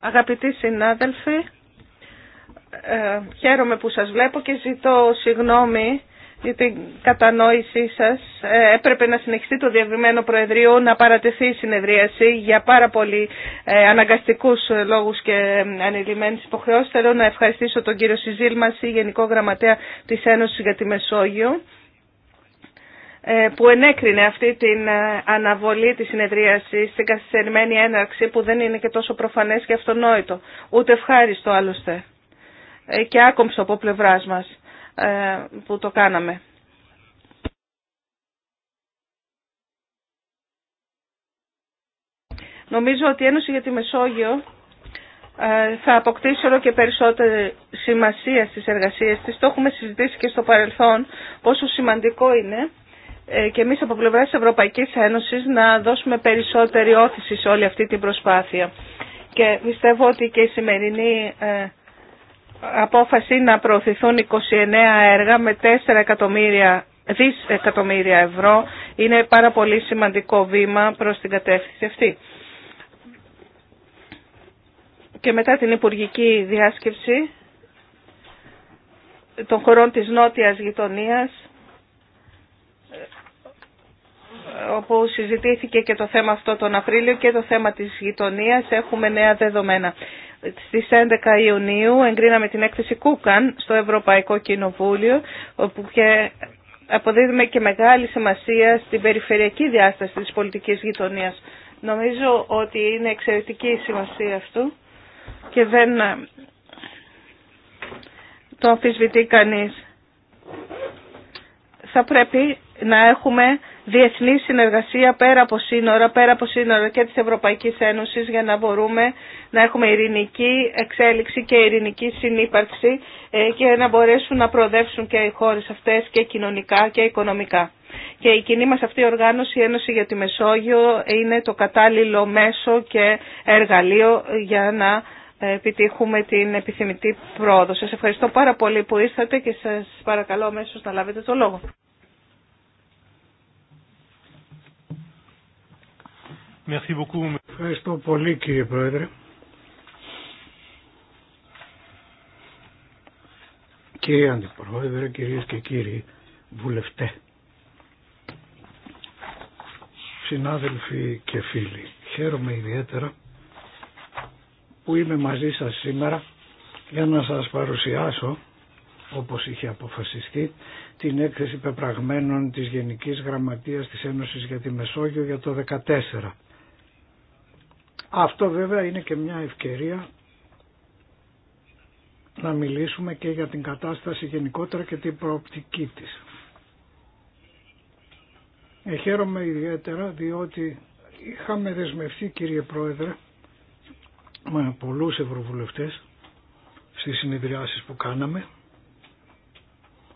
Αγαπητοί συνάδελφοι, ε, χαίρομαι που σας βλέπω και ζητώ συγγνώμη για την κατανόησή σας. Ε, έπρεπε να συνεχιστεί το διαβημένο Προεδρείο να παρατεθεί η συνεδρίαση για πάρα πολύ ε, αναγκαστικούς λόγους και ανελημμένες υποχρεώσεις. Θέλω να ευχαριστήσω τον κύριο Συζήλμαση, Γενικό Γραμματέα της Ένωσης για τη Μεσόγειο ε, που ενέκρινε αυτή την ε, αναβολή της συνεδρίασης στην καθυστερημένη έναρξη που δεν είναι και τόσο προφανές και αυτονόητο, ούτε ευχάριστο άλλωστε ε, και άκομψο από πλευρά μας που το κάναμε. Νομίζω ότι η Ένωση για τη Μεσόγειο θα αποκτήσει όλο και περισσότερη σημασία στις εργασίες της. Το έχουμε συζητήσει και στο παρελθόν πόσο σημαντικό είναι ε, και εμείς από πλευρά της Ευρωπαϊκής Ένωσης να δώσουμε περισσότερη όθηση σε όλη αυτή την προσπάθεια. Και πιστεύω ότι και η σημερινή ε, απόφαση να προωθηθούν 29 έργα με 4 εκατομμύρια δισεκατομμύρια ευρώ είναι πάρα πολύ σημαντικό βήμα προς την κατεύθυνση αυτή. Και μετά την Υπουργική Διάσκεψη των χωρών της Νότιας Γειτονίας όπου συζητήθηκε και το θέμα αυτό τον Απρίλιο και το θέμα της γειτονίας έχουμε νέα δεδομένα. Στις 11 Ιουνίου εγκρίναμε την έκθεση Κούκαν στο Ευρωπαϊκό Κοινοβούλιο όπου και αποδίδουμε και μεγάλη σημασία στην περιφερειακή διάσταση της πολιτικής γειτονίας. Νομίζω ότι είναι εξαιρετική η σημασία αυτού και δεν το αμφισβητεί κανείς. Θα πρέπει να έχουμε διεθνή συνεργασία πέρα από σύνορα, πέρα από σύνορα και της Ευρωπαϊκής Ένωσης για να μπορούμε να έχουμε ειρηνική εξέλιξη και ειρηνική συνύπαρξη ε, και να μπορέσουν να προοδεύσουν και οι χώρες αυτές και κοινωνικά και οικονομικά. Και η κοινή μας αυτή οργάνωση, η Ένωση για τη Μεσόγειο, είναι το κατάλληλο μέσο και εργαλείο για να ε, επιτύχουμε την επιθυμητή πρόοδο. Σας ευχαριστώ πάρα πολύ που ήρθατε και σας παρακαλώ αμέσως να λάβετε το λόγο. Ευχαριστώ πολύ κύριε Πρόεδρε. Κύριε Αντιπρόεδρε, κυρίες και κύριοι βουλευτέ, συνάδελφοι και φίλοι, χαίρομαι ιδιαίτερα που είμαι μαζί σας σήμερα για να σας παρουσιάσω, όπως είχε αποφασιστεί, την έκθεση πεπραγμένων της Γενικής Γραμματείας της Ένωσης για τη Μεσόγειο για το 2014 αυτό βέβαια είναι και μια ευκαιρία να μιλήσουμε και για την κατάσταση γενικότερα και την προοπτική της. Ε, χαίρομαι ιδιαίτερα διότι είχαμε δεσμευτεί κύριε Πρόεδρε με πολλούς ευρωβουλευτές στις συνεδριάσεις που κάναμε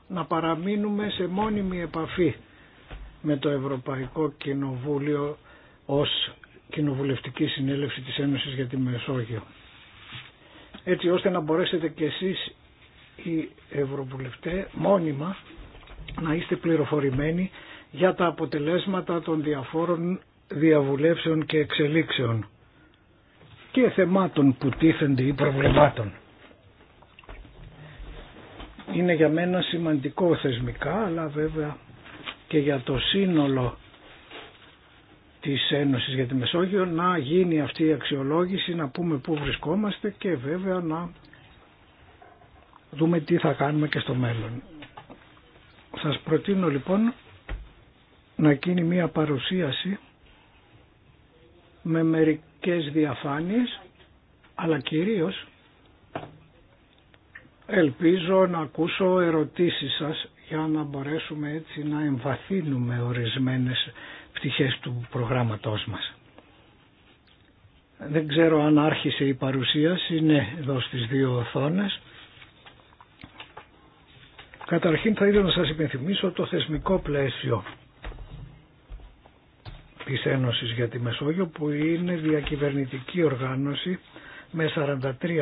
να παραμείνουμε σε μόνιμη επαφή με το Ευρωπαϊκό Κοινοβούλιο ως Κοινοβουλευτική Συνέλευση της Ένωσης για τη Μεσόγειο. Έτσι ώστε να μπορέσετε κι εσείς οι Ευρωβουλευτές μόνιμα να είστε πληροφορημένοι για τα αποτελέσματα των διαφόρων διαβουλεύσεων και εξελίξεων και θεμάτων που τίθενται ή προβλημάτων. Είναι για μένα σημαντικό θεσμικά, αλλά βέβαια και για το σύνολο της Ένωσης για τη Μεσόγειο να γίνει αυτή η αξιολόγηση, να πούμε πού βρισκόμαστε και βέβαια να δούμε τι θα κάνουμε και στο μέλλον. Σας προτείνω λοιπόν να γίνει μία παρουσίαση με μερικές διαφάνειες αλλά κυρίως ελπίζω να ακούσω ερωτήσεις σας για να μπορέσουμε έτσι να εμβαθύνουμε ορισμένες πτυχές του προγράμματός μας. Δεν ξέρω αν άρχισε η παρουσίαση, είναι εδώ στις δύο οθόνες. Καταρχήν θα ήθελα να σας υπενθυμίσω το θεσμικό πλαίσιο της Ένωσης για τη Μεσόγειο που είναι διακυβερνητική οργάνωση με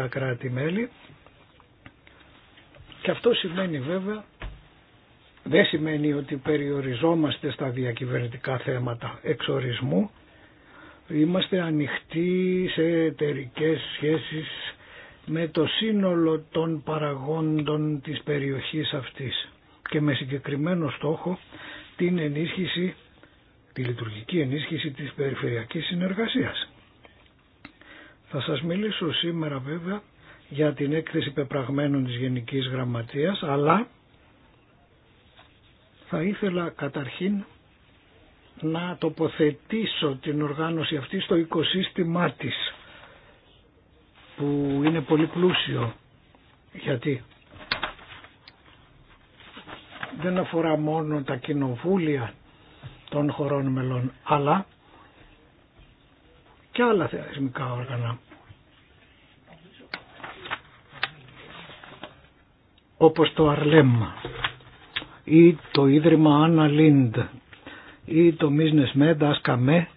43 κράτη-μέλη και αυτό σημαίνει βέβαια δεν σημαίνει ότι περιοριζόμαστε στα διακυβερνητικά θέματα εξορισμού. Είμαστε ανοιχτοί σε εταιρικέ σχέσεις με το σύνολο των παραγόντων της περιοχής αυτής και με συγκεκριμένο στόχο την ενίσχυση, τη λειτουργική ενίσχυση της περιφερειακής συνεργασίας. Θα σας μιλήσω σήμερα βέβαια για την έκθεση πεπραγμένων της Γενικής Γραμματείας, αλλά θα ήθελα καταρχήν να τοποθετήσω την οργάνωση αυτή στο οικοσύστημά της που είναι πολύ πλούσιο γιατί δεν αφορά μόνο τα κοινοβούλια των χωρών μελών αλλά και άλλα θεσμικά όργανα. όπως το Αρλέμμα ή το Ίδρυμα Άννα Λίντ ή το Μίσνες Μέντα Ασκαμέ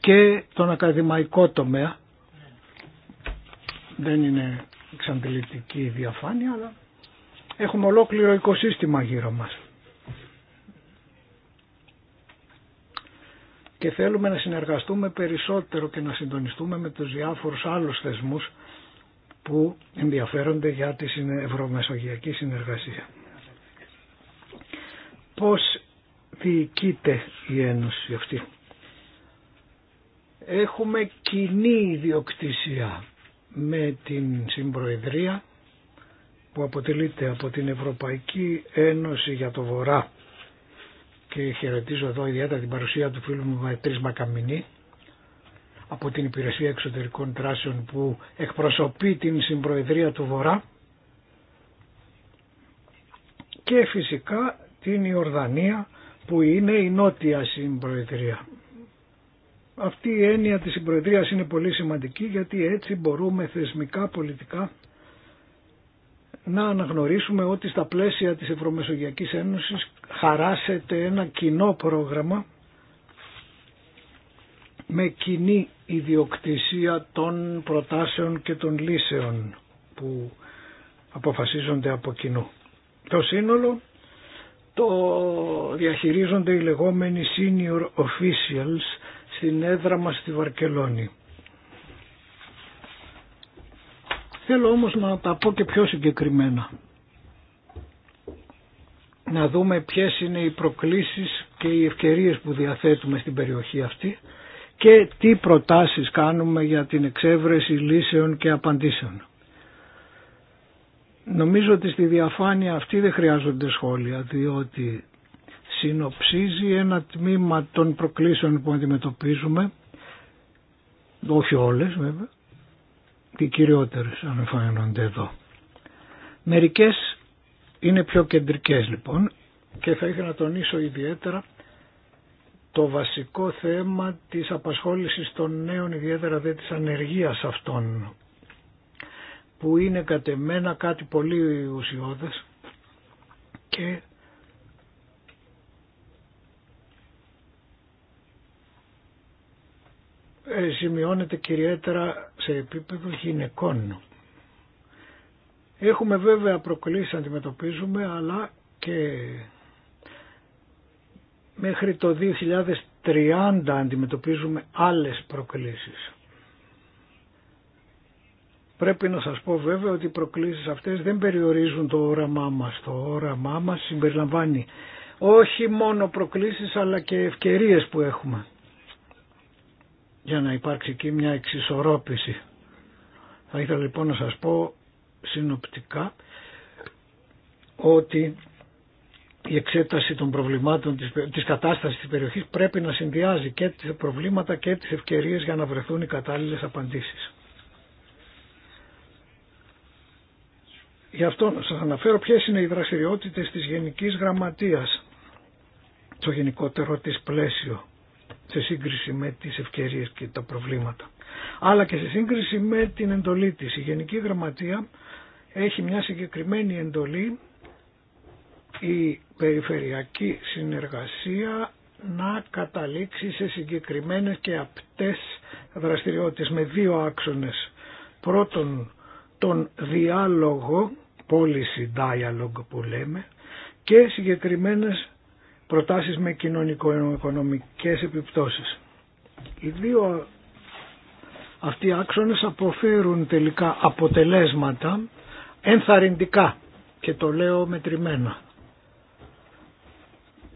και τον ακαδημαϊκό τομέα. Δεν είναι εξαντλητική διαφάνεια, αλλά έχουμε ολόκληρο οικοσύστημα γύρω μας. Και θέλουμε να συνεργαστούμε περισσότερο και να συντονιστούμε με τους διάφορους άλλους θεσμούς που ενδιαφέρονται για τη ευρωμεσογειακή συνεργασία πώς διοικείται η Ένωση αυτή. Έχουμε κοινή ιδιοκτησία με την Συμπροεδρία που αποτελείται από την Ευρωπαϊκή Ένωση για το Βορρά και χαιρετίζω εδώ ιδιαίτερα την παρουσία του φίλου μου Μαετρής Μακαμινή από την Υπηρεσία Εξωτερικών Τράσεων που εκπροσωπεί την Συμπροεδρία του Βορρά και φυσικά η Ιορδανία που είναι η νότια συμπροεδρία. Αυτή η έννοια της συμπροεδρίας είναι πολύ σημαντική γιατί έτσι μπορούμε θεσμικά πολιτικά να αναγνωρίσουμε ότι στα πλαίσια της Ευρωμεσογειακής Ένωσης χαράσεται ένα κοινό πρόγραμμα με κοινή ιδιοκτησία των προτάσεων και των λύσεων που αποφασίζονται από κοινού. Το σύνολο το διαχειρίζονται οι λεγόμενοι senior officials στην έδρα μας στη Βαρκελόνη. Θέλω όμως να τα πω και πιο συγκεκριμένα. Να δούμε ποιες είναι οι προκλήσεις και οι ευκαιρίες που διαθέτουμε στην περιοχή αυτή και τι προτάσεις κάνουμε για την εξέβρεση λύσεων και απαντήσεων. Νομίζω ότι στη διαφάνεια αυτή δεν χρειάζονται σχόλια διότι συνοψίζει ένα τμήμα των προκλήσεων που αντιμετωπίζουμε, όχι όλες βέβαια, οι κυριότερες ανεφαίνονται εδώ. Μερικές είναι πιο κεντρικές λοιπόν και θα ήθελα να τονίσω ιδιαίτερα το βασικό θέμα της απασχόλησης των νέων, ιδιαίτερα δε της ανεργίας αυτών που είναι κατεμένα κάτι πολύ ουσιώδες και ε, σημειώνεται κυριέτερα σε επίπεδο γυναικών. Έχουμε βέβαια προκλήσεις να αντιμετωπίζουμε αλλά και μέχρι το 2030 αντιμετωπίζουμε άλλες προκλήσεις. Πρέπει να σας πω βέβαια ότι οι προκλήσεις αυτές δεν περιορίζουν το όραμά μας. Το όραμά μας συμπεριλαμβάνει όχι μόνο προκλήσεις αλλά και ευκαιρίες που έχουμε για να υπάρξει εκεί μια εξισορρόπηση. Θα ήθελα λοιπόν να σας πω συνοπτικά ότι η εξέταση των προβλημάτων της, της κατάστασης της περιοχής πρέπει να συνδυάζει και τις προβλήματα και τις ευκαιρίες για να βρεθούν οι κατάλληλες απαντήσεις. Γι' αυτό να σας αναφέρω ποιες είναι οι δραστηριότητες της Γενικής Γραμματείας το γενικότερο της πλαίσιο σε σύγκριση με τις ευκαιρίες και τα προβλήματα αλλά και σε σύγκριση με την εντολή της. Η Γενική Γραμματεία έχει μια συγκεκριμένη εντολή η περιφερειακή συνεργασία να καταλήξει σε συγκεκριμένες και απτές δραστηριότητες με δύο άξονες. Πρώτον, τον διάλογο policy dialogue που λέμε και συγκεκριμένες προτάσεις με κοινωνικο-οικονομικές επιπτώσεις. Οι δύο αυτοί οι άξονες αποφέρουν τελικά αποτελέσματα ενθαρρυντικά και το λέω μετρημένα.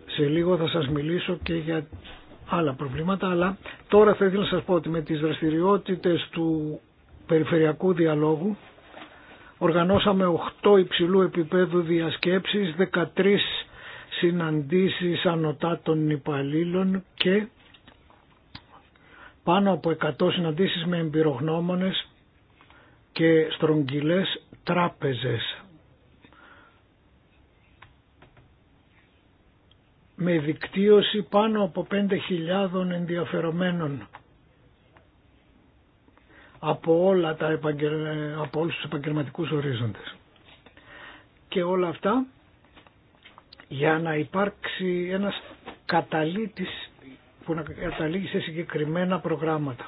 Σε λίγο θα σας μιλήσω και για άλλα προβλήματα, αλλά τώρα θα ήθελα να σας πω ότι με τις δραστηριότητες του περιφερειακού διαλόγου Οργανώσαμε 8 υψηλού επίπεδου διασκέψεις, 13 συναντήσεις ανωτά των υπαλλήλων και πάνω από 100 συναντήσεις με εμπειρογνώμονες και στρογγυλές τράπεζες. με δικτύωση πάνω από 5.000 ενδιαφερομένων από, όλα τα επαγγελ... από όλους τους επαγγελματικούς ορίζοντες. Και όλα αυτά για να υπάρξει ένας καταλήτης που να καταλήγει σε συγκεκριμένα προγράμματα.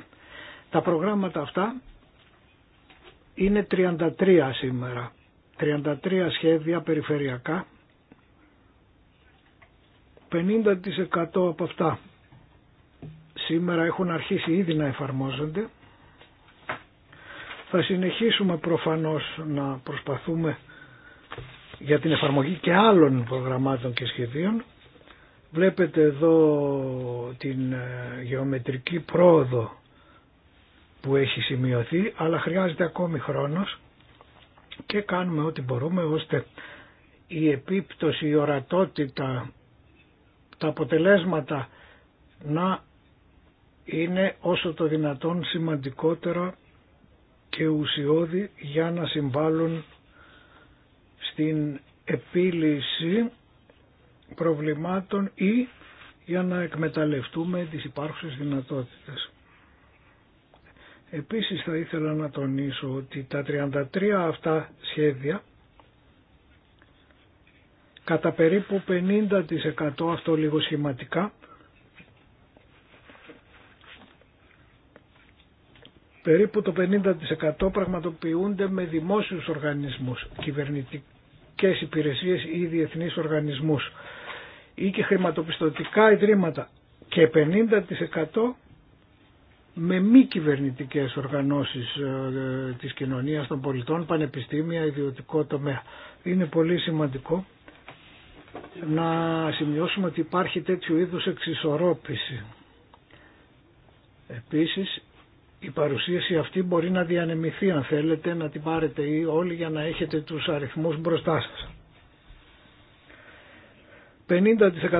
Τα προγράμματα αυτά είναι 33 σήμερα. 33 σχέδια περιφερειακά. 50% από αυτά σήμερα έχουν αρχίσει ήδη να εφαρμόζονται θα συνεχίσουμε προφανώς να προσπαθούμε για την εφαρμογή και άλλων προγραμμάτων και σχεδίων. Βλέπετε εδώ την ε, γεωμετρική πρόοδο που έχει σημειωθεί, αλλά χρειάζεται ακόμη χρόνος και κάνουμε ό,τι μπορούμε ώστε η επίπτωση, η ορατότητα, τα αποτελέσματα να είναι όσο το δυνατόν σημαντικότερα και ουσιώδη για να συμβάλλουν στην επίλυση προβλημάτων ή για να εκμεταλλευτούμε τις υπάρχουσες δυνατότητες. Επίσης θα ήθελα να τονίσω ότι τα 33 αυτά σχέδια κατά περίπου 50% αυτό λίγο σχηματικά περίπου το 50% πραγματοποιούνται με δημόσιους οργανισμούς, κυβερνητικές υπηρεσίες ή διεθνείς οργανισμούς ή και χρηματοπιστωτικά ιδρύματα και 50% με μη κυβερνητικές οργανώσεις ε, της κοινωνίας των πολιτών, πανεπιστήμια, ιδιωτικό τομέα. Είναι πολύ σημαντικό να σημειώσουμε ότι υπάρχει τέτοιου είδους εξισορρόπηση. Επίσης η παρουσίαση αυτή μπορεί να διανεμηθεί αν θέλετε να την πάρετε ή όλοι για να έχετε τους αριθμούς μπροστά σας.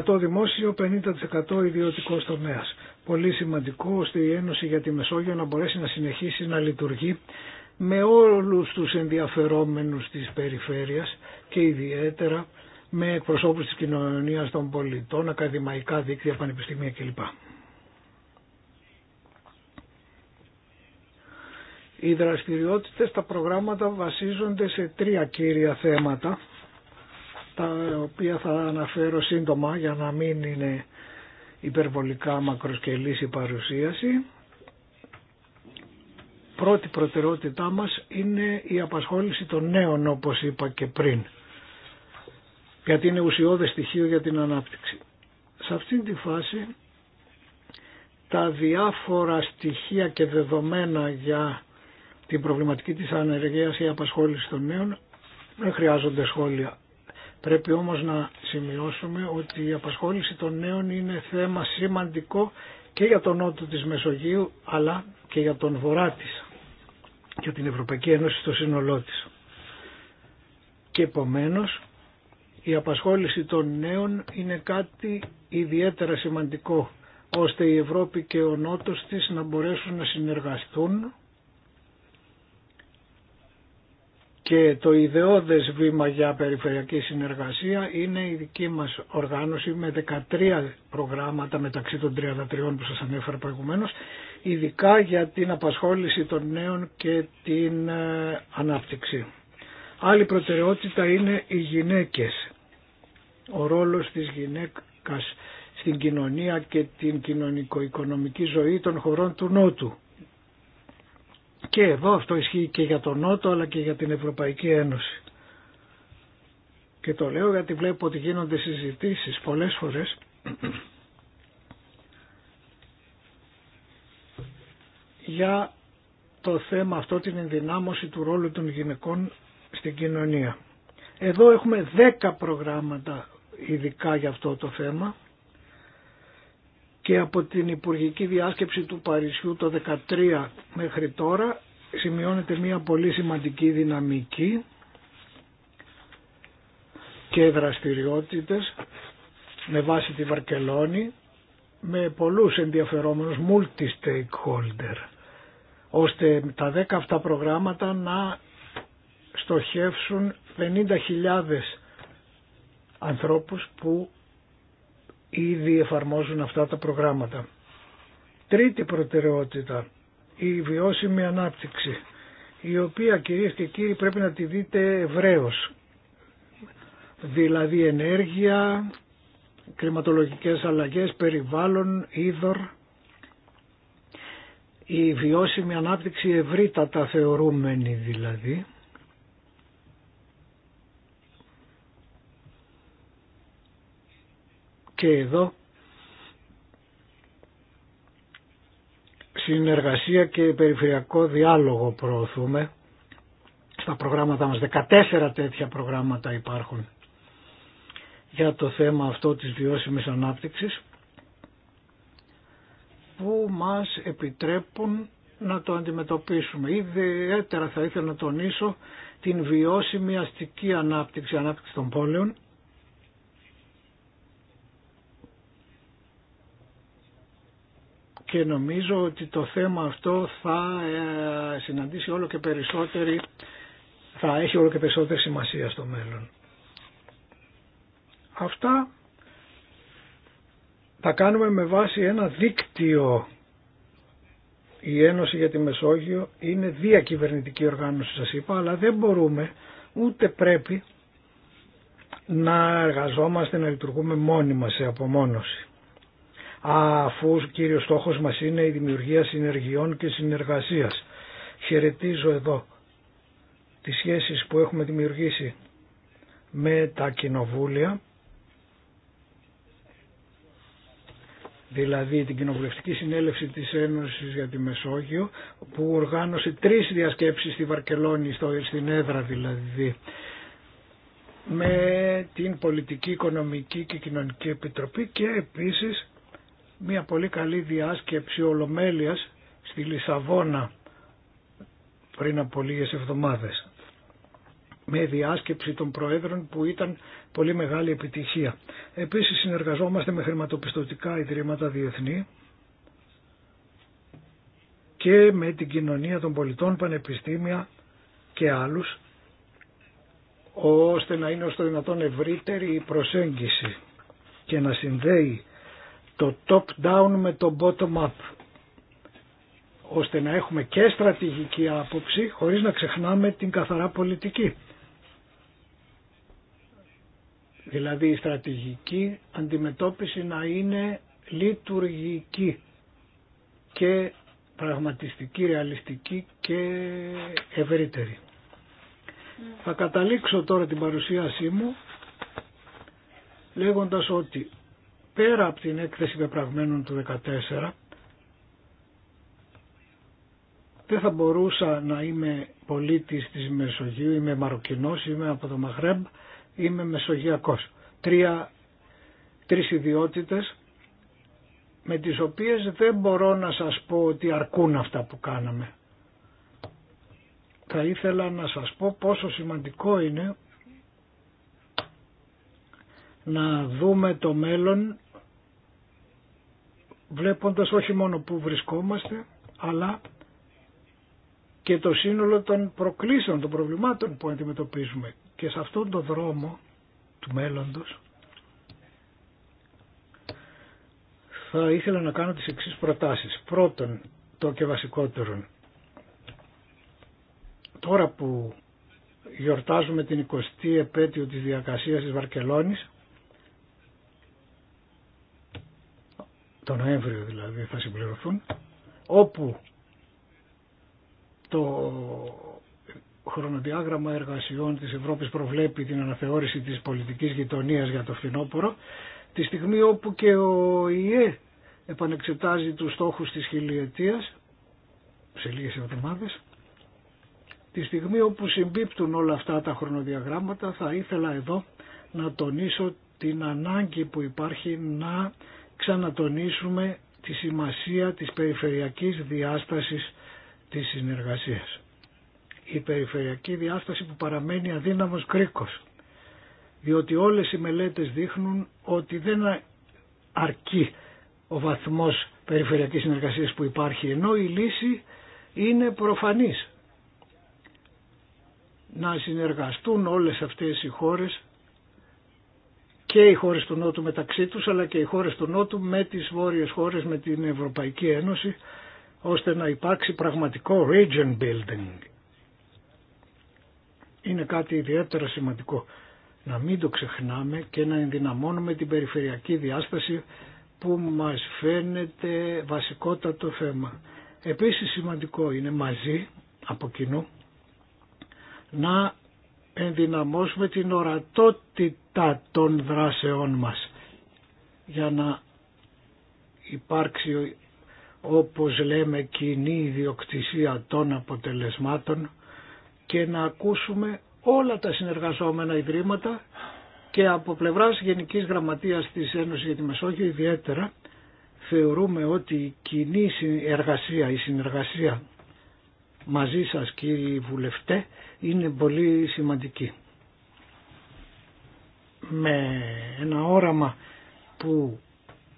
50% δημόσιο, 50% ιδιωτικό τομέα. Πολύ σημαντικό ώστε η Ένωση για τη Μεσόγειο να μπορέσει να συνεχίσει να λειτουργεί με όλους τους ενδιαφερόμενους της περιφέρειας και ιδιαίτερα με εκπροσώπους της κοινωνίας των πολιτών, ακαδημαϊκά δίκτυα, πανεπιστήμια κλπ. Οι δραστηριότητες, στα προγράμματα βασίζονται σε τρία κύρια θέματα, τα οποία θα αναφέρω σύντομα για να μην είναι υπερβολικά μακροσκελής η παρουσίαση. Πρώτη προτεραιότητά μας είναι η απασχόληση των νέων όπως είπα και πριν γιατί είναι ουσιώδες στοιχείο για την ανάπτυξη. Σε αυτή τη φάση τα διάφορα στοιχεία και δεδομένα για την προβληματική της ανεργίας ή απασχόλησης των νέων δεν χρειάζονται σχόλια. Πρέπει όμως να σημειώσουμε ότι η απασχόληση των νέων είναι θέμα σημαντικό και για τον νότο της Μεσογείου αλλά και για τον βορρά της και την Ευρωπαϊκή Ένωση στο σύνολό της. Και επομένω η απασχόληση των νέων είναι κάτι ιδιαίτερα σημαντικό ώστε η Ευρώπη και ο Νότος της να μπορέσουν να συνεργαστούν Και το ιδεώδες βήμα για περιφερειακή συνεργασία είναι η δική μας οργάνωση με 13 προγράμματα μεταξύ των 33 που σας ανέφερα προηγουμένως, ειδικά για την απασχόληση των νέων και την ε, ανάπτυξη. Άλλη προτεραιότητα είναι οι γυναίκες. Ο ρόλος της γυναίκας στην κοινωνία και την κοινωνικο-οικονομική ζωή των χωρών του Νότου και εδώ αυτό ισχύει και για τον Νότο αλλά και για την Ευρωπαϊκή Ένωση. Και το λέω γιατί βλέπω ότι γίνονται συζητήσεις πολλές φορές για το θέμα αυτό την ενδυνάμωση του ρόλου των γυναικών στην κοινωνία. Εδώ έχουμε 10 προγράμματα ειδικά για αυτό το θέμα και από την Υπουργική Διάσκεψη του Παρισιού το 2013 μέχρι τώρα σημειώνεται μια πολύ σημαντική δυναμική και δραστηριότητες με βάση τη Βαρκελόνη με πολλούς ενδιαφερόμενους multi-stakeholder ώστε τα 10 αυτά προγράμματα να στοχεύσουν 50.000 ανθρώπους που ήδη εφαρμόζουν αυτά τα προγράμματα. Τρίτη προτεραιότητα, η βιώσιμη ανάπτυξη, η οποία κυρίε και κύριοι πρέπει να τη δείτε ευρέως. Δηλαδή ενέργεια, κλιματολογικές αλλαγές, περιβάλλον, είδωρ. Η βιώσιμη ανάπτυξη ευρύτατα θεωρούμενη δηλαδή και εδώ συνεργασία και περιφερειακό διάλογο προωθούμε στα προγράμματα μας. 14 τέτοια προγράμματα υπάρχουν για το θέμα αυτό της βιώσιμης ανάπτυξης που μας επιτρέπουν να το αντιμετωπίσουμε. Ιδιαίτερα θα ήθελα να τονίσω την βιώσιμη αστική ανάπτυξη, ανάπτυξη των πόλεων και νομίζω ότι το θέμα αυτό θα ε, συναντήσει όλο και περισσότερη, θα έχει όλο και περισσότερη σημασία στο μέλλον. Αυτά τα κάνουμε με βάση ένα δίκτυο. Η Ένωση για τη Μεσόγειο είναι διακυβερνητική οργάνωση σας είπα, αλλά δεν μπορούμε ούτε πρέπει να εργαζόμαστε, να λειτουργούμε μόνοι μας σε απομόνωση αφού ο κύριος στόχος μας είναι η δημιουργία συνεργειών και συνεργασίας. Χαιρετίζω εδώ τις σχέσεις που έχουμε δημιουργήσει με τα κοινοβούλια, δηλαδή την Κοινοβουλευτική Συνέλευση της Ένωσης για τη Μεσόγειο, που οργάνωσε τρεις διασκέψεις στη Βαρκελόνη, στο, στην έδρα δηλαδή, με την Πολιτική, Οικονομική και Κοινωνική Επιτροπή και επίσης μια πολύ καλή διάσκεψη ολομέλειας στη Λισαβόνα πριν από λίγες εβδομάδες με διάσκεψη των Προέδρων που ήταν πολύ μεγάλη επιτυχία. Επίσης συνεργαζόμαστε με χρηματοπιστωτικά ιδρύματα διεθνή και με την κοινωνία των πολιτών, πανεπιστήμια και άλλους ώστε να είναι ως το δυνατόν ευρύτερη η προσέγγιση και να συνδέει το top-down με το bottom-up ώστε να έχουμε και στρατηγική άποψη χωρίς να ξεχνάμε την καθαρά πολιτική. Δηλαδή η στρατηγική αντιμετώπιση να είναι λειτουργική και πραγματιστική, ρεαλιστική και ευρύτερη. Θα καταλήξω τώρα την παρουσίασή μου λέγοντας ότι πέρα από την έκθεση πεπραγμένων του 14 δεν θα μπορούσα να είμαι πολίτης της Μεσογείου, είμαι Μαροκινός, είμαι από το Μαχρέμπ, είμαι Μεσογειακός. Τρία, τρεις ιδιότητες με τις οποίες δεν μπορώ να σας πω ότι αρκούν αυτά που κάναμε. Θα ήθελα να σας πω πόσο σημαντικό είναι να δούμε το μέλλον βλέποντας όχι μόνο που βρισκόμαστε, αλλά και το σύνολο των προκλήσεων, των προβλημάτων που αντιμετωπίζουμε. Και σε αυτόν τον δρόμο του μέλλοντος θα ήθελα να κάνω τις εξής προτάσεις. Πρώτον, το και βασικότερον, τώρα που γιορτάζουμε την 20η επέτειο της διακασίας της Βαρκελόνης, Το Νοέμβριο δηλαδή θα συμπληρωθούν, όπου το χρονοδιάγραμμα εργασιών της Ευρώπης προβλέπει την αναθεώρηση της πολιτικής γειτονίας για το φθινόπωρο, τη στιγμή όπου και ο ΙΕ επανεξετάζει τους στόχους της χιλιετίας, σε λίγες εβδομάδες, τη στιγμή όπου συμπίπτουν όλα αυτά τα χρονοδιαγράμματα θα ήθελα εδώ να τονίσω την ανάγκη που υπάρχει να ξανατονίσουμε τη σημασία της περιφερειακής διάστασης της συνεργασίας. Η περιφερειακή διάσταση που παραμένει αδύναμος κρίκος, διότι όλες οι μελέτες δείχνουν ότι δεν αρκεί ο βαθμός περιφερειακής συνεργασίας που υπάρχει, ενώ η λύση είναι προφανής. Να συνεργαστούν όλες αυτές οι χώρες και οι χώρες του Νότου μεταξύ τους αλλά και οι χώρες του Νότου με τις βόρειες χώρες με την Ευρωπαϊκή Ένωση ώστε να υπάρξει πραγματικό region building. Είναι κάτι ιδιαίτερα σημαντικό να μην το ξεχνάμε και να ενδυναμώνουμε την περιφερειακή διάσταση που μας φαίνεται βασικότατο θέμα. Επίσης σημαντικό είναι μαζί από κοινού να ενδυναμώσουμε την ορατότητα τά των δράσεών μας για να υπάρξει όπως λέμε κοινή ιδιοκτησία των αποτελεσμάτων και να ακούσουμε όλα τα συνεργαζόμενα ιδρύματα και από πλευράς Γενικής Γραμματείας της Ένωσης για τη Μεσόγειο ιδιαίτερα θεωρούμε ότι η κοινή εργασία, η συνεργασία μαζί σας κύριοι βουλευτέ είναι πολύ σημαντική με ένα όραμα που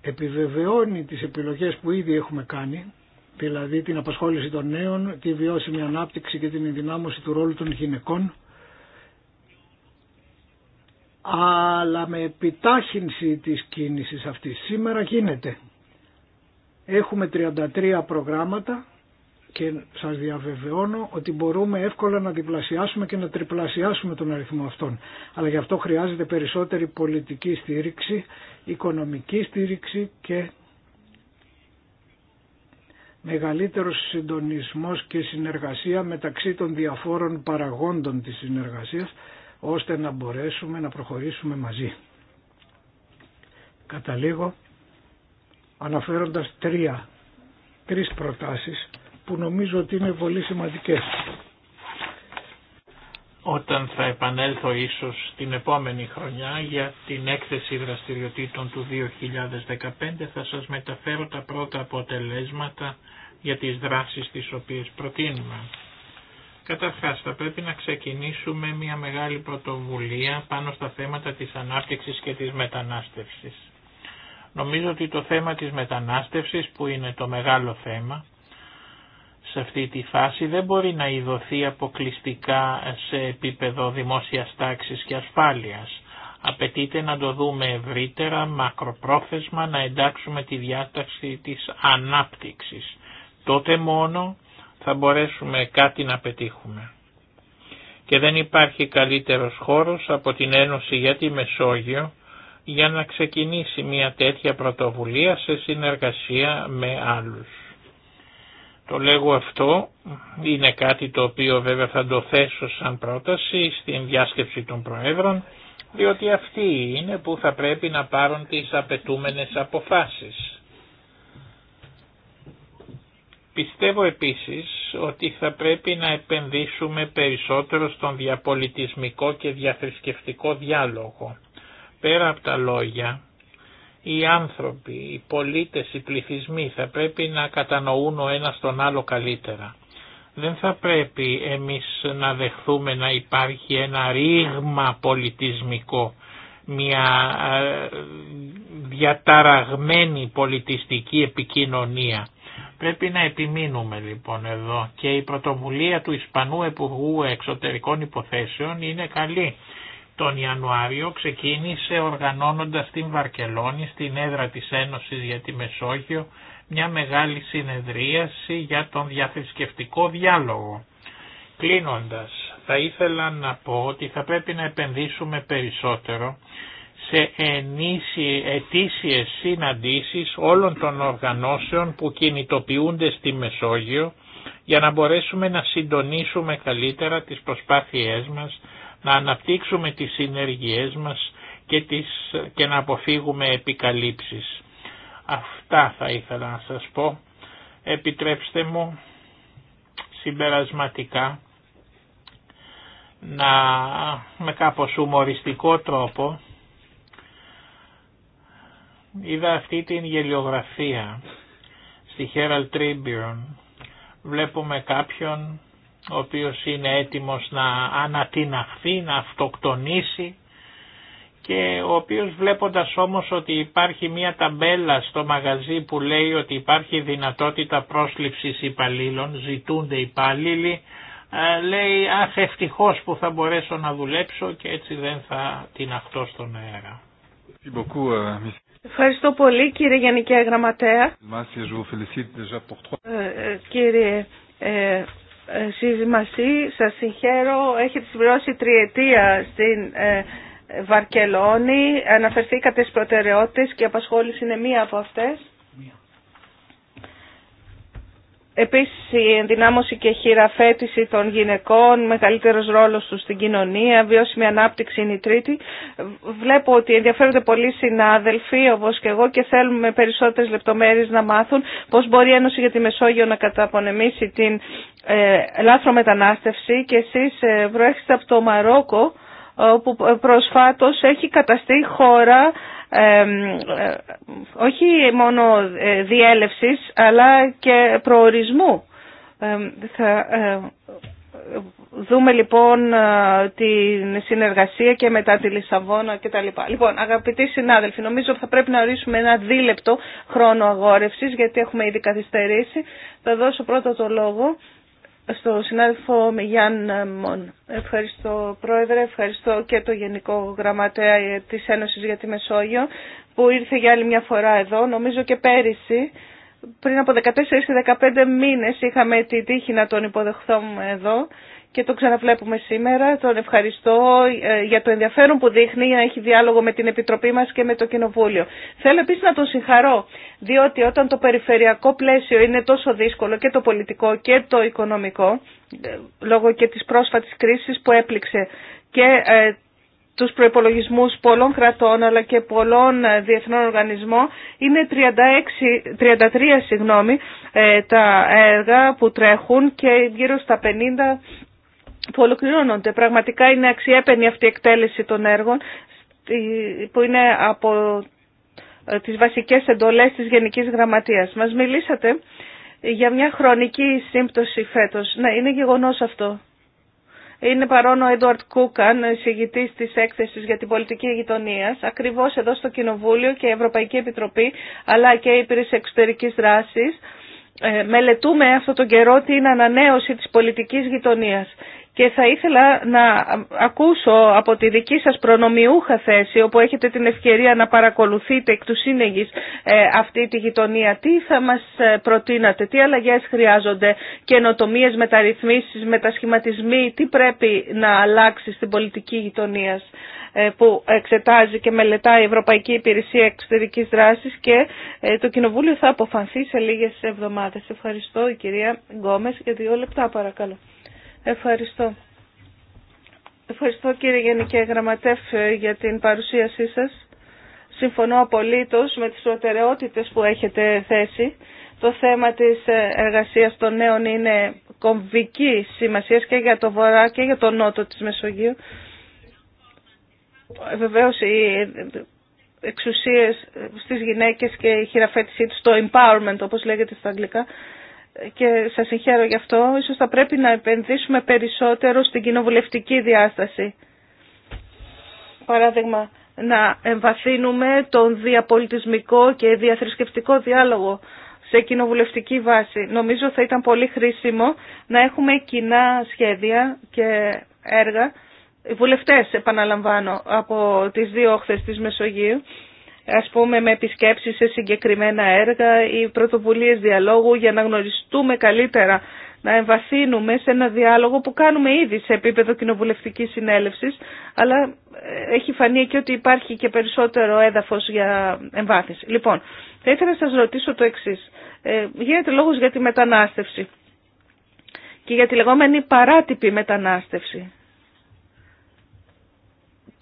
επιβεβαιώνει τις επιλογές που ήδη έχουμε κάνει, δηλαδή την απασχόληση των νέων, τη βιώσιμη ανάπτυξη και την ενδυνάμωση του ρόλου των γυναικών, αλλά με επιτάχυνση της κίνησης αυτής. Σήμερα γίνεται. Έχουμε 33 προγράμματα και σας διαβεβαιώνω ότι μπορούμε εύκολα να διπλασιάσουμε και να τριπλασιάσουμε τον αριθμό αυτών. Αλλά γι' αυτό χρειάζεται περισσότερη πολιτική στήριξη, οικονομική στήριξη και μεγαλύτερος συντονισμός και συνεργασία μεταξύ των διαφόρων παραγόντων της συνεργασίας ώστε να μπορέσουμε να προχωρήσουμε μαζί. Καταλήγω αναφέροντας τρία, τρεις προτάσεις που νομίζω ότι είναι πολύ σημαντικές. Όταν θα επανέλθω ίσως την επόμενη χρονιά για την έκθεση δραστηριοτήτων του 2015 θα σας μεταφέρω τα πρώτα αποτελέσματα για τις δράσεις τις οποίες προτείνουμε. Καταρχάς θα πρέπει να ξεκινήσουμε μια μεγάλη πρωτοβουλία πάνω στα θέματα της ανάπτυξης και της μετανάστευσης. Νομίζω ότι το θέμα της μετανάστευσης που είναι το μεγάλο θέμα σε αυτή τη φάση δεν μπορεί να ειδωθεί αποκλειστικά σε επίπεδο δημόσιας τάξης και ασφάλειας. Απαιτείται να το δούμε ευρύτερα, μακροπρόθεσμα, να εντάξουμε τη διάταξη της ανάπτυξης. Τότε μόνο θα μπορέσουμε κάτι να πετύχουμε. Και δεν υπάρχει καλύτερος χώρος από την Ένωση για τη Μεσόγειο για να ξεκινήσει μια τέτοια πρωτοβουλία σε συνεργασία με άλλους. Το λέγω αυτό, είναι κάτι το οποίο βέβαια θα το θέσω σαν πρόταση στην διάσκεψη των Προέδρων, διότι αυτοί είναι που θα πρέπει να πάρουν τις απαιτούμενες αποφάσεις. Πιστεύω επίσης ότι θα πρέπει να επενδύσουμε περισσότερο στον διαπολιτισμικό και διαθρησκευτικό διάλογο. Πέρα από τα λόγια, οι άνθρωποι, οι πολίτες, οι πληθυσμοί θα πρέπει να κατανοούν ο ένας τον άλλο καλύτερα. Δεν θα πρέπει εμείς να δεχθούμε να υπάρχει ένα ρήγμα πολιτισμικό, μια διαταραγμένη πολιτιστική επικοινωνία. Πρέπει να επιμείνουμε λοιπόν εδώ και η πρωτοβουλία του Ισπανού Επουργού Εξωτερικών Υποθέσεων είναι καλή τον Ιανουάριο ξεκίνησε οργανώνοντας στην Βαρκελόνη, στην έδρα της Ένωσης για τη Μεσόγειο, μια μεγάλη συνεδρίαση για τον διαθρησκευτικό διάλογο. Κλείνοντας, θα ήθελα να πω ότι θα πρέπει να επενδύσουμε περισσότερο σε ετήσιες συναντήσεις όλων των οργανώσεων που κινητοποιούνται στη Μεσόγειο για να μπορέσουμε να συντονίσουμε καλύτερα τις προσπάθειές μας να αναπτύξουμε τις συνεργίες μας και, τις, και να αποφύγουμε επικαλύψεις. Αυτά θα ήθελα να σας πω. Επιτρέψτε μου συμπερασματικά να με κάπως ουμοριστικό τρόπο είδα αυτή την γελιογραφία στη Herald Tribune βλέπουμε κάποιον ο οποίος είναι έτοιμος να ανατιναχθεί, να αυτοκτονήσει και ο οποίος βλέποντας όμως ότι υπάρχει μια ταμπέλα στο μαγαζί που λέει ότι υπάρχει δυνατότητα πρόσληψης υπαλλήλων, ζητούνται υπάλληλοι, ε, λέει αχ ευτυχώς που θα μπορέσω να δουλέψω και έτσι δεν θα την αυτό στον αέρα. Euh, Ευχαριστώ πολύ κύριε Γενική Γραμματέα. Ε, ε, κύριε εσείς σας συγχαίρω, έχετε συμπληρώσει τριετία στην ε, Βαρκελόνη, αναφερθήκατε στις προτεραιότητες και η απασχόληση είναι μία από αυτές. Επίσης η ενδυνάμωση και χειραφέτηση των γυναικών, μεγαλύτερος ρόλος τους στην κοινωνία, βιώσιμη ανάπτυξη είναι η τρίτη. Βλέπω ότι ενδιαφέρονται πολλοί συνάδελφοι όπως και εγώ και θέλουμε περισσότερες λεπτομέρειες να μάθουν πώς μπορεί η Ένωση για τη Μεσόγειο να καταπονεμήσει την ε, λάθρο μετανάστευση και εσείς ε, από το Μαρόκο όπου ε, προσφάτως έχει καταστεί χώρα ε, όχι μόνο ε, διέλευσης αλλά και προορισμού. Θα ε, δούμε λοιπόν την συνεργασία και μετά τη Λισαβόνα κτλ. Λοιπόν, αγαπητοί συνάδελφοι, νομίζω θα πρέπει να ορίσουμε ένα δίλεπτο χρόνο αγόρευσης γιατί έχουμε ήδη καθυστερήσει. Θα δώσω πρώτα το λόγο στο συνάδελφο Μιγιάν Μον. Ευχαριστώ Πρόεδρε, ευχαριστώ και το Γενικό Γραμματέα της Ένωσης για τη Μεσόγειο που ήρθε για άλλη μια φορά εδώ, νομίζω και πέρυσι. Πριν από 14-15 μήνες είχαμε τη τύχη να τον υποδεχθούμε εδώ και το ξαναβλέπουμε σήμερα. Τον ευχαριστώ ε, για το ενδιαφέρον που δείχνει να έχει διάλογο με την Επιτροπή μας και με το Κοινοβούλιο. Θέλω επίσης να τον συγχαρώ, διότι όταν το περιφερειακό πλαίσιο είναι τόσο δύσκολο και το πολιτικό και το οικονομικό, ε, λόγω και της πρόσφατης κρίσης που έπληξε και ε, τους προϋπολογισμούς πολλών κρατών αλλά και πολλών διεθνών οργανισμών είναι 36, 33 συγγνώμη, τα έργα που τρέχουν και γύρω στα 50 που ολοκληρώνονται. Πραγματικά είναι αξιέπαινη αυτή η εκτέλεση των έργων που είναι από ε, τις βασικές εντολές της Γενικής Γραμματείας. Μας μιλήσατε για μια χρονική σύμπτωση φέτος. Ναι, είναι γεγονός αυτό. Είναι παρόν ο Έντουαρτ Κούκαν, συγητή τη έκθεση για την πολιτική γειτονία, ακριβώ εδώ στο Κοινοβούλιο και η Ευρωπαϊκή Επιτροπή, αλλά και η Υπηρεσία Εξωτερική Δράση. Ε, μελετούμε αυτόν τον καιρό την ανανέωση της πολιτικής γειτονίας και θα ήθελα να ακούσω από τη δική σας προνομιούχα θέση όπου έχετε την ευκαιρία να παρακολουθείτε εκ του σύνεγης ε, αυτή τη γειτονία. Τι θα μας ε, προτείνατε, τι αλλαγές χρειάζονται, καινοτομίε, μεταρρυθμίσεις, μετασχηματισμοί, τι πρέπει να αλλάξει στην πολιτική γειτονία ε, που εξετάζει και μελετά η Ευρωπαϊκή Υπηρεσία Εξωτερικής Δράσης και το Κοινοβούλιο θα αποφανθεί σε λίγες εβδομάδες. Ευχαριστώ η κυρία Γκόμες για δύο λεπτά παρακαλώ. Ευχαριστώ. Ευχαριστώ κύριε Γενική Γραμματεύ για την παρουσίασή σας. Συμφωνώ απολύτως με τις προτεραιότητες που έχετε θέσει. Το θέμα της εργασίας των νέων είναι κομβική σημασία και για το βορρά και για το νότο της Μεσογείου. Ε, βεβαίως οι εξουσίες στις γυναίκες και η χειραφέτησή τους, το empowerment όπως λέγεται στα αγγλικά, και σας συγχαίρω γι' αυτό, ίσως θα πρέπει να επενδύσουμε περισσότερο στην κοινοβουλευτική διάσταση. Παράδειγμα, να εμβαθύνουμε τον διαπολιτισμικό και διαθρησκευτικό διάλογο σε κοινοβουλευτική βάση. Νομίζω θα ήταν πολύ χρήσιμο να έχουμε κοινά σχέδια και έργα. Οι βουλευτές, επαναλαμβάνω, από τις δύο όχθες της Μεσογείου ας πούμε με επισκέψεις σε συγκεκριμένα έργα ή πρωτοβουλίες διαλόγου για να γνωριστούμε καλύτερα, να εμβαθύνουμε σε ένα διάλογο που κάνουμε ήδη σε επίπεδο κοινοβουλευτικής συνέλευσης, αλλά ε, έχει φανεί και ότι υπάρχει και περισσότερο έδαφος για εμβάθυνση. Λοιπόν, θα ήθελα να σας ρωτήσω το εξή ε, γίνεται λόγος για τη μετανάστευση και για τη λεγόμενη παράτυπη μετανάστευση.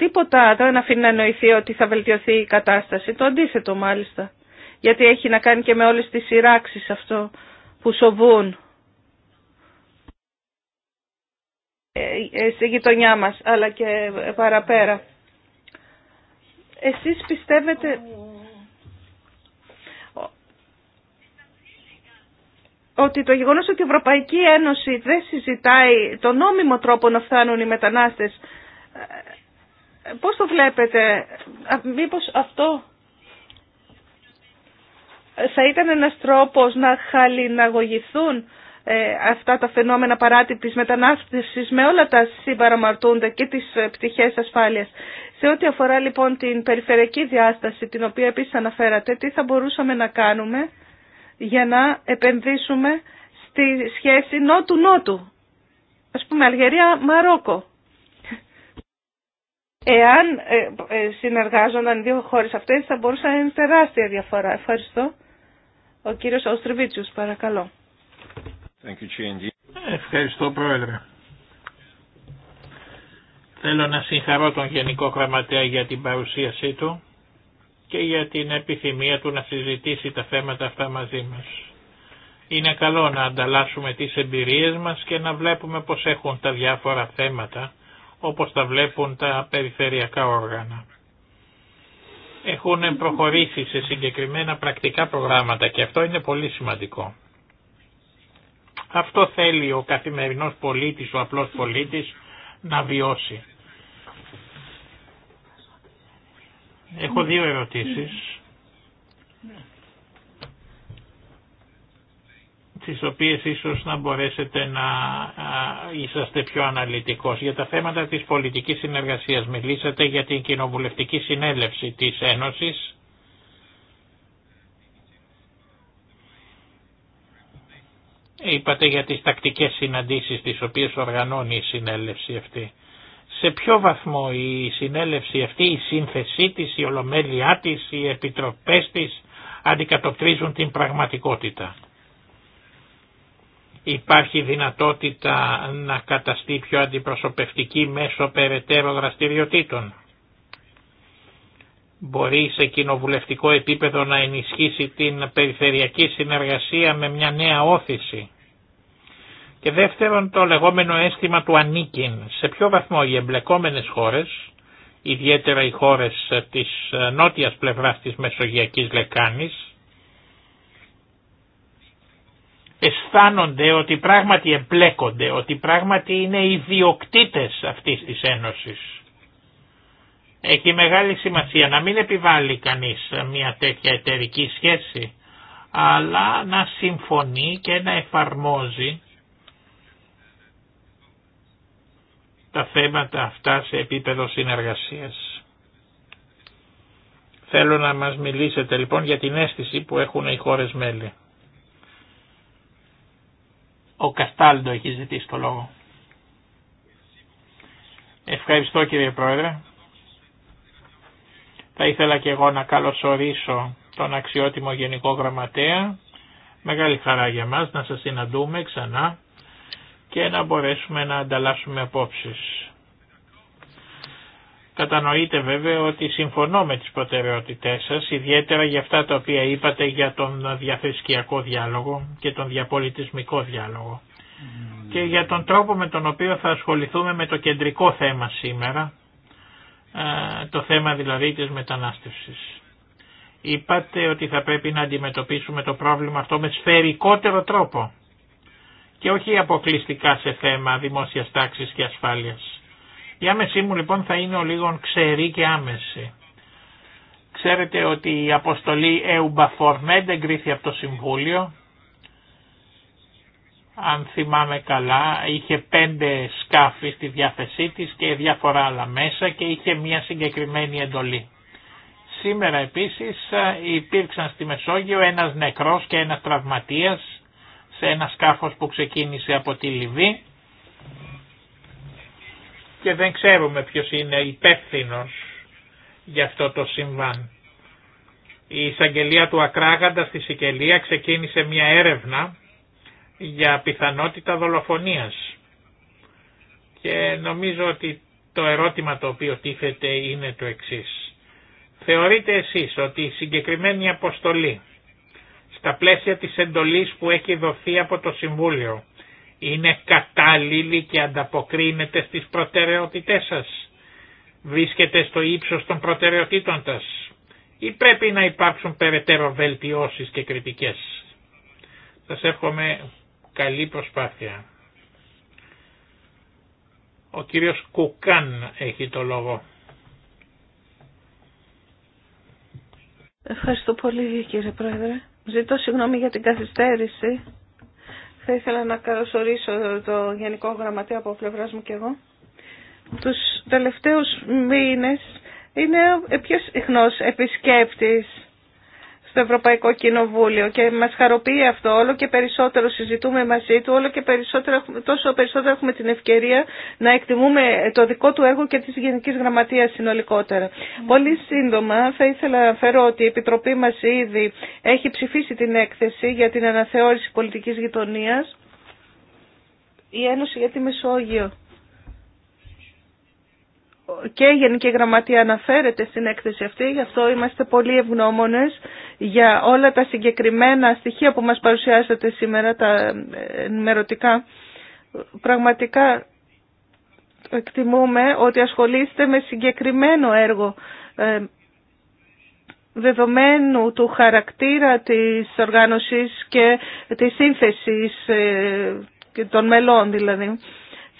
Τίποτα δεν αφήνει να εννοηθεί ότι θα βελτιωθεί η κατάσταση. Το αντίθετο μάλιστα. Γιατί έχει να κάνει και με όλες τις σειράξεις αυτό που σοβούν ε, ε, στη γειτονιά μας, αλλά και παραπέρα. Εσείς πιστεύετε ότι το γεγονός ότι η Ευρωπαϊκή Ένωση δεν συζητάει τον νόμιμο τρόπο να φτάνουν οι μετανάστες Πώς το βλέπετε, μήπως αυτό θα ήταν ένας τρόπος να χαλιναγωγηθούν ε, αυτά τα φαινόμενα παράτυπης μετανάστευσης με όλα τα συμπαραμαρτούντα και τις ε, πτυχές ασφάλειας. Σε ό,τι αφορά λοιπόν την περιφερειακή διάσταση, την οποία επίσης αναφέρατε, τι θα μπορούσαμε να κάνουμε για να επενδύσουμε στη σχέση νότου-νότου. Ας πούμε Αλγερία-Μαρόκο. Εάν ε, ε, συνεργάζονταν δύο χώρε αυτές θα μπορούσε να είναι τεράστια διαφορά. Ευχαριστώ. Ο κύριος Αουστριβίτσιο, παρακαλώ. Ευχαριστώ Πρόεδρε. Θέλω να συγχαρώ τον Γενικό Γραμματέα για την παρουσίασή του και για την επιθυμία του να συζητήσει τα θέματα αυτά μαζί μας. Είναι καλό να ανταλλάσσουμε τις εμπειρίες μας και να βλέπουμε πως έχουν τα διάφορα θέματα όπως τα βλέπουν τα περιφερειακά όργανα. Έχουν προχωρήσει σε συγκεκριμένα πρακτικά προγράμματα και αυτό είναι πολύ σημαντικό. Αυτό θέλει ο καθημερινός πολίτης, ο απλός πολίτης να βιώσει. Έχω δύο ερωτήσεις. τις οποίες ίσως να μπορέσετε να είσαστε πιο αναλυτικός. Για τα θέματα της πολιτικής συνεργασίας μιλήσατε για την κοινοβουλευτική συνέλευση της Ένωσης. Είπατε για τις τακτικές συναντήσεις τις οποίες οργανώνει η συνέλευση αυτή. Σε ποιο βαθμό η συνέλευση αυτή, η σύνθεσή της, η ολομέλειά της, οι επιτροπές της αντικατοπτρίζουν την πραγματικότητα. Υπάρχει δυνατότητα να καταστεί πιο αντιπροσωπευτική μέσω περαιτέρω δραστηριοτήτων. Μπορεί σε κοινοβουλευτικό επίπεδο να ενισχύσει την περιφερειακή συνεργασία με μια νέα όθηση. Και δεύτερον το λεγόμενο αίσθημα του ανήκειν. Σε ποιο βαθμό οι εμπλεκόμενες χώρες, ιδιαίτερα οι χώρες της νότιας πλευράς της Μεσογειακής Λεκάνης, αισθάνονται ότι πράγματι εμπλέκονται, ότι πράγματι είναι ιδιοκτήτες αυτής της Ένωσης. Έχει μεγάλη σημασία να μην επιβάλλει κανείς μια τέτοια εταιρική σχέση, αλλά να συμφωνεί και να εφαρμόζει τα θέματα αυτά σε επίπεδο συνεργασίας. Θέλω να μας μιλήσετε λοιπόν για την αίσθηση που έχουν οι χώρες μέλη. Ο Καστάλντο έχει ζητήσει το λόγο. Ευχαριστώ κύριε Πρόεδρε. Θα ήθελα και εγώ να καλωσορίσω τον αξιότιμο Γενικό Γραμματέα. Μεγάλη χαρά για μας να σας συναντούμε ξανά και να μπορέσουμε να ανταλλάσσουμε απόψεις. Κατανοείτε βέβαια ότι συμφωνώ με τις προτεραιότητές σας, ιδιαίτερα για αυτά τα οποία είπατε για τον διαθρησκιακό διάλογο και τον διαπολιτισμικό διάλογο και για τον τρόπο με τον οποίο θα ασχοληθούμε με το κεντρικό θέμα σήμερα, το θέμα δηλαδή της μετανάστευσης. Είπατε ότι θα πρέπει να αντιμετωπίσουμε το πρόβλημα αυτό με σφαιρικότερο τρόπο και όχι αποκλειστικά σε θέμα δημόσιας τάξης και ασφάλειας. Η άμεσή μου λοιπόν θα είναι ο λίγων ξερή και άμεση. Ξέρετε ότι η αποστολή Εουμπαφορμέντ εγκρίθη από το Συμβούλιο. Αν θυμάμαι καλά, είχε πέντε σκάφη στη διάθεσή της και διάφορα άλλα μέσα και είχε μια συγκεκριμένη εντολή. Σήμερα επίσης υπήρξαν στη Μεσόγειο ένας νεκρός και ένας τραυματίας σε ένα σκάφος που ξεκίνησε από τη Λιβύη και δεν ξέρουμε ποιος είναι υπεύθυνο για αυτό το συμβάν. Η εισαγγελία του Ακράγαντα στη Σικελία ξεκίνησε μια έρευνα για πιθανότητα δολοφονίας. Και νομίζω ότι το ερώτημα το οποίο τίθεται είναι το εξής. Θεωρείτε εσείς ότι η συγκεκριμένη αποστολή στα πλαίσια της εντολής που έχει δοθεί από το Συμβούλιο είναι κατάλληλη και ανταποκρίνεται στις προτεραιότητές σας. Βρίσκεται στο ύψος των προτεραιοτήτων σας. Ή πρέπει να υπάρξουν περαιτέρω βελτιώσεις και κριτικές. Σας εύχομαι καλή προσπάθεια. Ο κύριος Κουκάν έχει το λόγο. Ευχαριστώ πολύ κύριε Πρόεδρε. Ζητώ συγγνώμη για την καθυστέρηση. Θα ήθελα να καλωσορίσω το Γενικό Γραμματέα από πλευρά μου και εγώ. Τους τελευταίους μήνες είναι πιο συχνός επισκέπτης στο Ευρωπαϊκό Κοινοβούλιο και μας χαροποιεί αυτό όλο και περισσότερο συζητούμε μαζί του, όλο και περισσότερο, τόσο περισσότερο έχουμε την ευκαιρία να εκτιμούμε το δικό του έργο και της Γενικής Γραμματείας συνολικότερα. Ναι. Πολύ σύντομα θα ήθελα να φέρω ότι η Επιτροπή μας ήδη έχει ψηφίσει την έκθεση για την αναθεώρηση πολιτικής γειτονίας η Ένωση για τη Μεσόγειο και η Γενική Γραμματεία αναφέρεται στην έκθεση αυτή, γι' αυτό είμαστε πολύ ευγνώμονες για όλα τα συγκεκριμένα στοιχεία που μας παρουσιάσατε σήμερα, τα ενημερωτικά. Πραγματικά εκτιμούμε ότι ασχολείστε με συγκεκριμένο έργο ε, δεδομένου του χαρακτήρα της οργάνωσης και της σύνθεσης ε, και των μελών δηλαδή.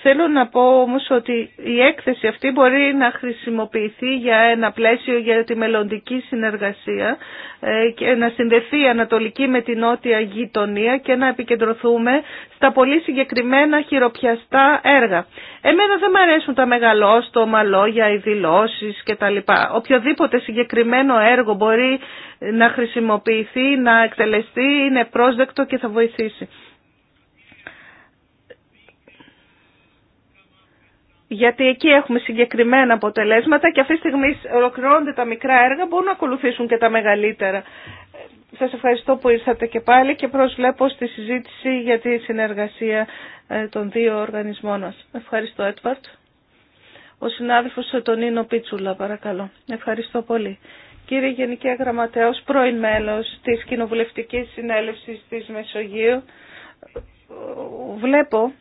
Θέλω να πω όμως ότι η έκθεση αυτή μπορεί να χρησιμοποιηθεί για ένα πλαίσιο για τη μελλοντική συνεργασία ε, και να συνδεθεί η Ανατολική με την Νότια γειτονία και να επικεντρωθούμε στα πολύ συγκεκριμένα χειροπιαστά έργα. Εμένα δεν μου αρέσουν τα μεγαλόστομα λόγια, οι δηλώσει κτλ. Οποιοδήποτε συγκεκριμένο έργο μπορεί να χρησιμοποιηθεί, να εκτελεστεί, είναι πρόσδεκτο και θα βοηθήσει. γιατί εκεί έχουμε συγκεκριμένα αποτελέσματα και αυτή τη στιγμή ολοκληρώνονται τα μικρά έργα, μπορούν να ακολουθήσουν και τα μεγαλύτερα. Σας ευχαριστώ που ήρθατε και πάλι και προσβλέπω στη συζήτηση για τη συνεργασία ε, των δύο οργανισμών μας. Ευχαριστώ, Έτβαρτ. Ο συνάδελφος τον Ίνο Πίτσουλα, παρακαλώ. Ευχαριστώ πολύ. Κύριε Γενική Γραμματέως, πρώην μέλος της Κοινοβουλευτικής Συνέλευσης της Μεσογείου, βλέπω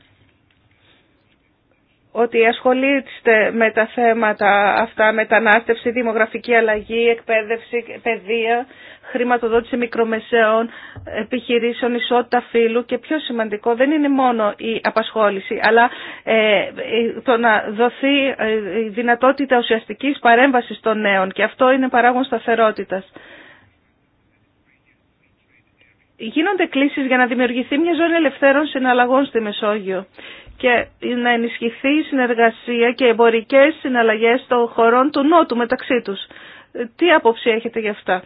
ότι ασχολείστε με τα θέματα αυτά, μετανάστευση, δημογραφική αλλαγή, εκπαίδευση, παιδεία, χρηματοδότηση μικρομεσαίων επιχειρήσεων, ισότητα φύλου και πιο σημαντικό δεν είναι μόνο η απασχόληση, αλλά ε, το να δοθεί ε, η δυνατότητα ουσιαστικής παρέμβασης των νέων και αυτό είναι παράγον σταθερότητας. Γίνονται κλήσεις για να δημιουργηθεί μια ζώνη ελευθέρων συναλλαγών στη Μεσόγειο και να ενισχυθεί η συνεργασία και οι εμπορικές συναλλαγές των χωρών του Νότου μεταξύ τους. Ε, τι άποψη έχετε γι' αυτά.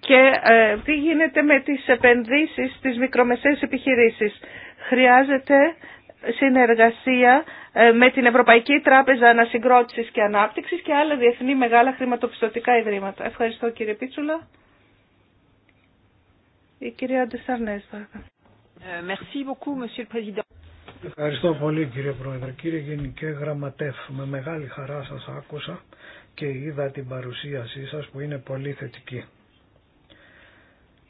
Και ε, τι γίνεται με τις επενδύσεις στις μικρομεσαίες επιχειρήσεις. Χρειάζεται συνεργασία ε, με την Ευρωπαϊκή Τράπεζα Ανασυγκρότησης και Ανάπτυξης και άλλα διεθνή μεγάλα χρηματοπιστωτικά ιδρύματα. Ευχαριστώ κύριε Πίτσουλα. Η κυρία Ευχαριστώ πολύ κύριε Ευχαριστώ πολύ κύριε Πρόεδρε. Κύριε Γενικέ Γραμματεύ, με μεγάλη χαρά σας άκουσα και είδα την παρουσίασή σας που είναι πολύ θετική.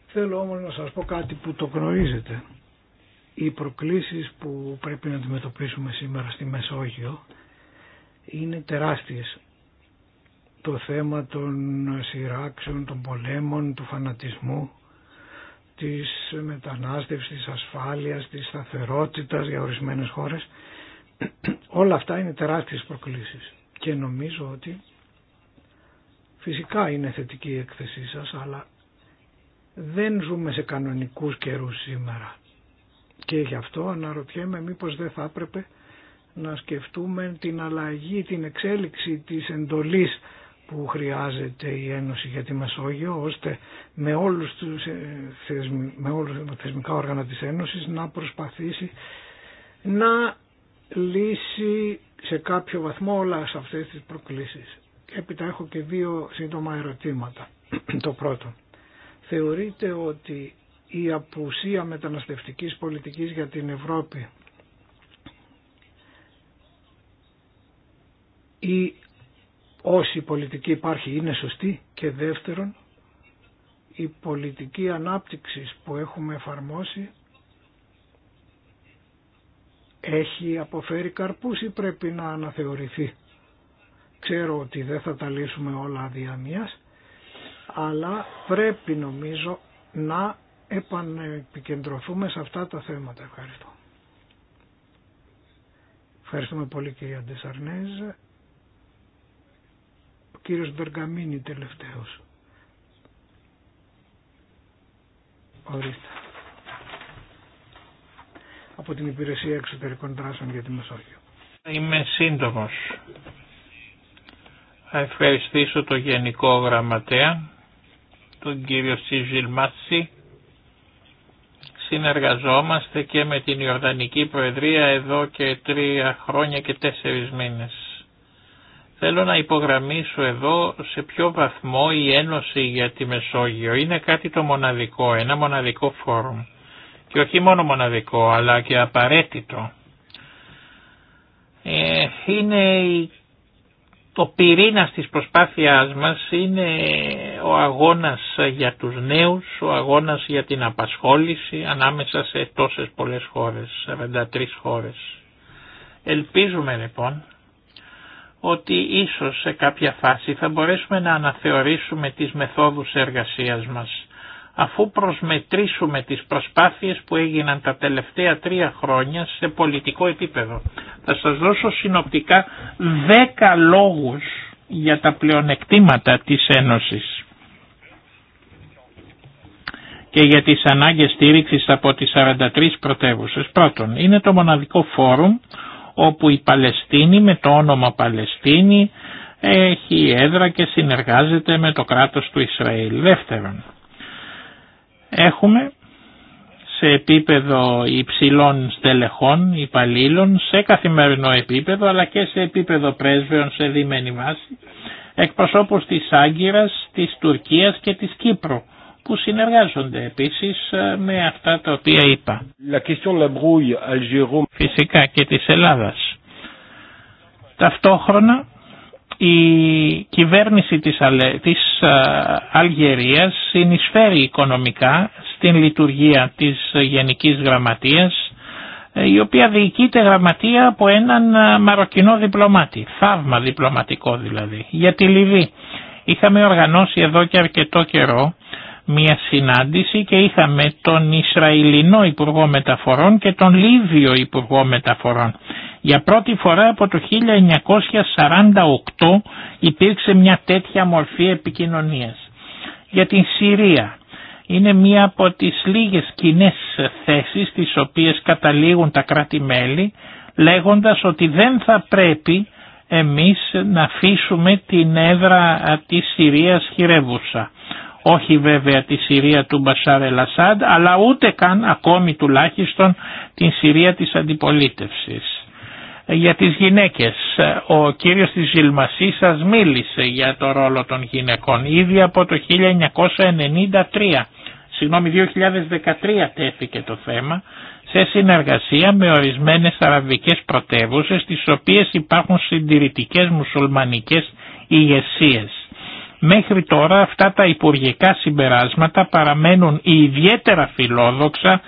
Θέλω όμως να σας πω κάτι που το γνωρίζετε. Οι προκλήσεις που πρέπει να αντιμετωπίσουμε σήμερα στη Μεσόγειο είναι τεράστιες. Το θέμα των σειράξεων, των πολέμων, του φανατισμού της μετανάστευσης, της ασφάλειας, της σταθερότητας για ορισμένες χώρες. Όλα αυτά είναι τεράστιες προκλήσεις και νομίζω ότι φυσικά είναι θετική η έκθεσή σας, αλλά δεν ζούμε σε κανονικούς καιρούς σήμερα. Και γι' αυτό αναρωτιέμαι μήπως δεν θα έπρεπε να σκεφτούμε την αλλαγή, την εξέλιξη της εντολής που χρειάζεται η Ένωση για τη Μεσόγειο ώστε με, όλους τους, ε, με όλους τα θεσμικά όργανα της Ένωσης να προσπαθήσει να λύσει σε κάποιο βαθμό όλα σε αυτές τις προκλήσεις. Και έπειτα έχω και δύο σύντομα ερωτήματα. Το πρώτο. Θεωρείτε ότι η απουσία μεταναστευτικής πολιτικής για την Ευρώπη ή όση πολιτική υπάρχει είναι σωστή και δεύτερον η πολιτική ανάπτυξης που έχουμε εφαρμόσει έχει αποφέρει καρπούς ή πρέπει να αναθεωρηθεί. Ξέρω ότι δεν θα τα λύσουμε όλα διαμίας, αλλά πρέπει νομίζω να επανεπικεντρωθούμε σε αυτά τα θέματα. Ευχαριστώ. Ευχαριστούμε πολύ κυρία κύριος Μπεργαμίνη τελευταίος. Ορίστε. Από την Υπηρεσία Εξωτερικών Δράσεων για τη Μεσόγειο. Είμαι σύντομος. Θα ευχαριστήσω το Γενικό Γραμματέα, τον κύριο Σιζιλ Μάτσι. Συνεργαζόμαστε και με την Ιορδανική Προεδρία εδώ και τρία χρόνια και τέσσερις μήνες Θέλω να υπογραμμίσω εδώ σε ποιο βαθμό η Ένωση για τη Μεσόγειο είναι κάτι το μοναδικό, ένα μοναδικό φόρουμ. Και όχι μόνο μοναδικό, αλλά και απαραίτητο. Ε, είναι το πυρήνας της προσπάθειάς μας είναι ο αγώνας για τους νέους, ο αγώνας για την απασχόληση ανάμεσα σε τόσες πολλές χώρες, 43 χώρες. Ελπίζουμε λοιπόν ότι ίσως σε κάποια φάση θα μπορέσουμε να αναθεωρήσουμε τις μεθόδους εργασίας μας, αφού προσμετρήσουμε τις προσπάθειες που έγιναν τα τελευταία τρία χρόνια σε πολιτικό επίπεδο. Θα σας δώσω συνοπτικά δέκα λόγους για τα πλεονεκτήματα της Ένωσης και για τις ανάγκες στήριξης από τις 43 πρωτεύουσες. Πρώτον, είναι το μοναδικό φόρουμ όπου η Παλαιστίνη με το όνομα Παλαιστίνη έχει έδρα και συνεργάζεται με το κράτος του Ισραήλ. Δεύτερον, έχουμε σε επίπεδο υψηλών στελεχών υπαλλήλων, σε καθημερινό επίπεδο αλλά και σε επίπεδο πρέσβεων σε δίμενη βάση, εκπροσώπους της Άγκυρας, της Τουρκίας και της Κύπρου που συνεργάζονται επίσης ε, με αυτά τα οποία είπα. Φυσικά και της Ελλάδας. Ταυτόχρονα η κυβέρνηση της, Αλε... της ε, Αλγερίας συνεισφέρει οικονομικά στην λειτουργία της Γενικής Γραμματείας ε, η οποία διοικείται γραμματεία από έναν μαροκινό διπλωμάτη, θαύμα διπλωματικό δηλαδή, για τη Λιβύη. Είχαμε οργανώσει εδώ και αρκετό καιρό μια συνάντηση και είχαμε τον Ισραηλινό Υπουργό Μεταφορών και τον Λίβιο Υπουργό Μεταφορών. Για πρώτη φορά από το 1948 υπήρξε μια τέτοια μορφή επικοινωνίας. Για την Συρία είναι μία από τις λίγες κοινέ θέσεις τις οποίες καταλήγουν τα κράτη-μέλη λέγοντας ότι δεν θα πρέπει εμείς να αφήσουμε την έδρα της Συρίας χειρεύουσα όχι βέβαια τη Συρία του Μπασάρ Ελασάντ, αλλά ούτε καν ακόμη τουλάχιστον την Συρία της αντιπολίτευσης. Ε, για τις γυναίκες, ε, ο κύριος της Ζηλμασής σας μίλησε για το ρόλο των γυναικών ήδη από το 1993, συγγνώμη 2013 τέθηκε το θέμα, σε συνεργασία με ορισμένες αραβικές πρωτεύουσες τις οποίες υπάρχουν συντηρητικές μουσουλμανικές ηγεσίες Μέχρι τώρα αυτά τα υπουργικά συμπεράσματα παραμένουν ιδιαίτερα φιλόδοξα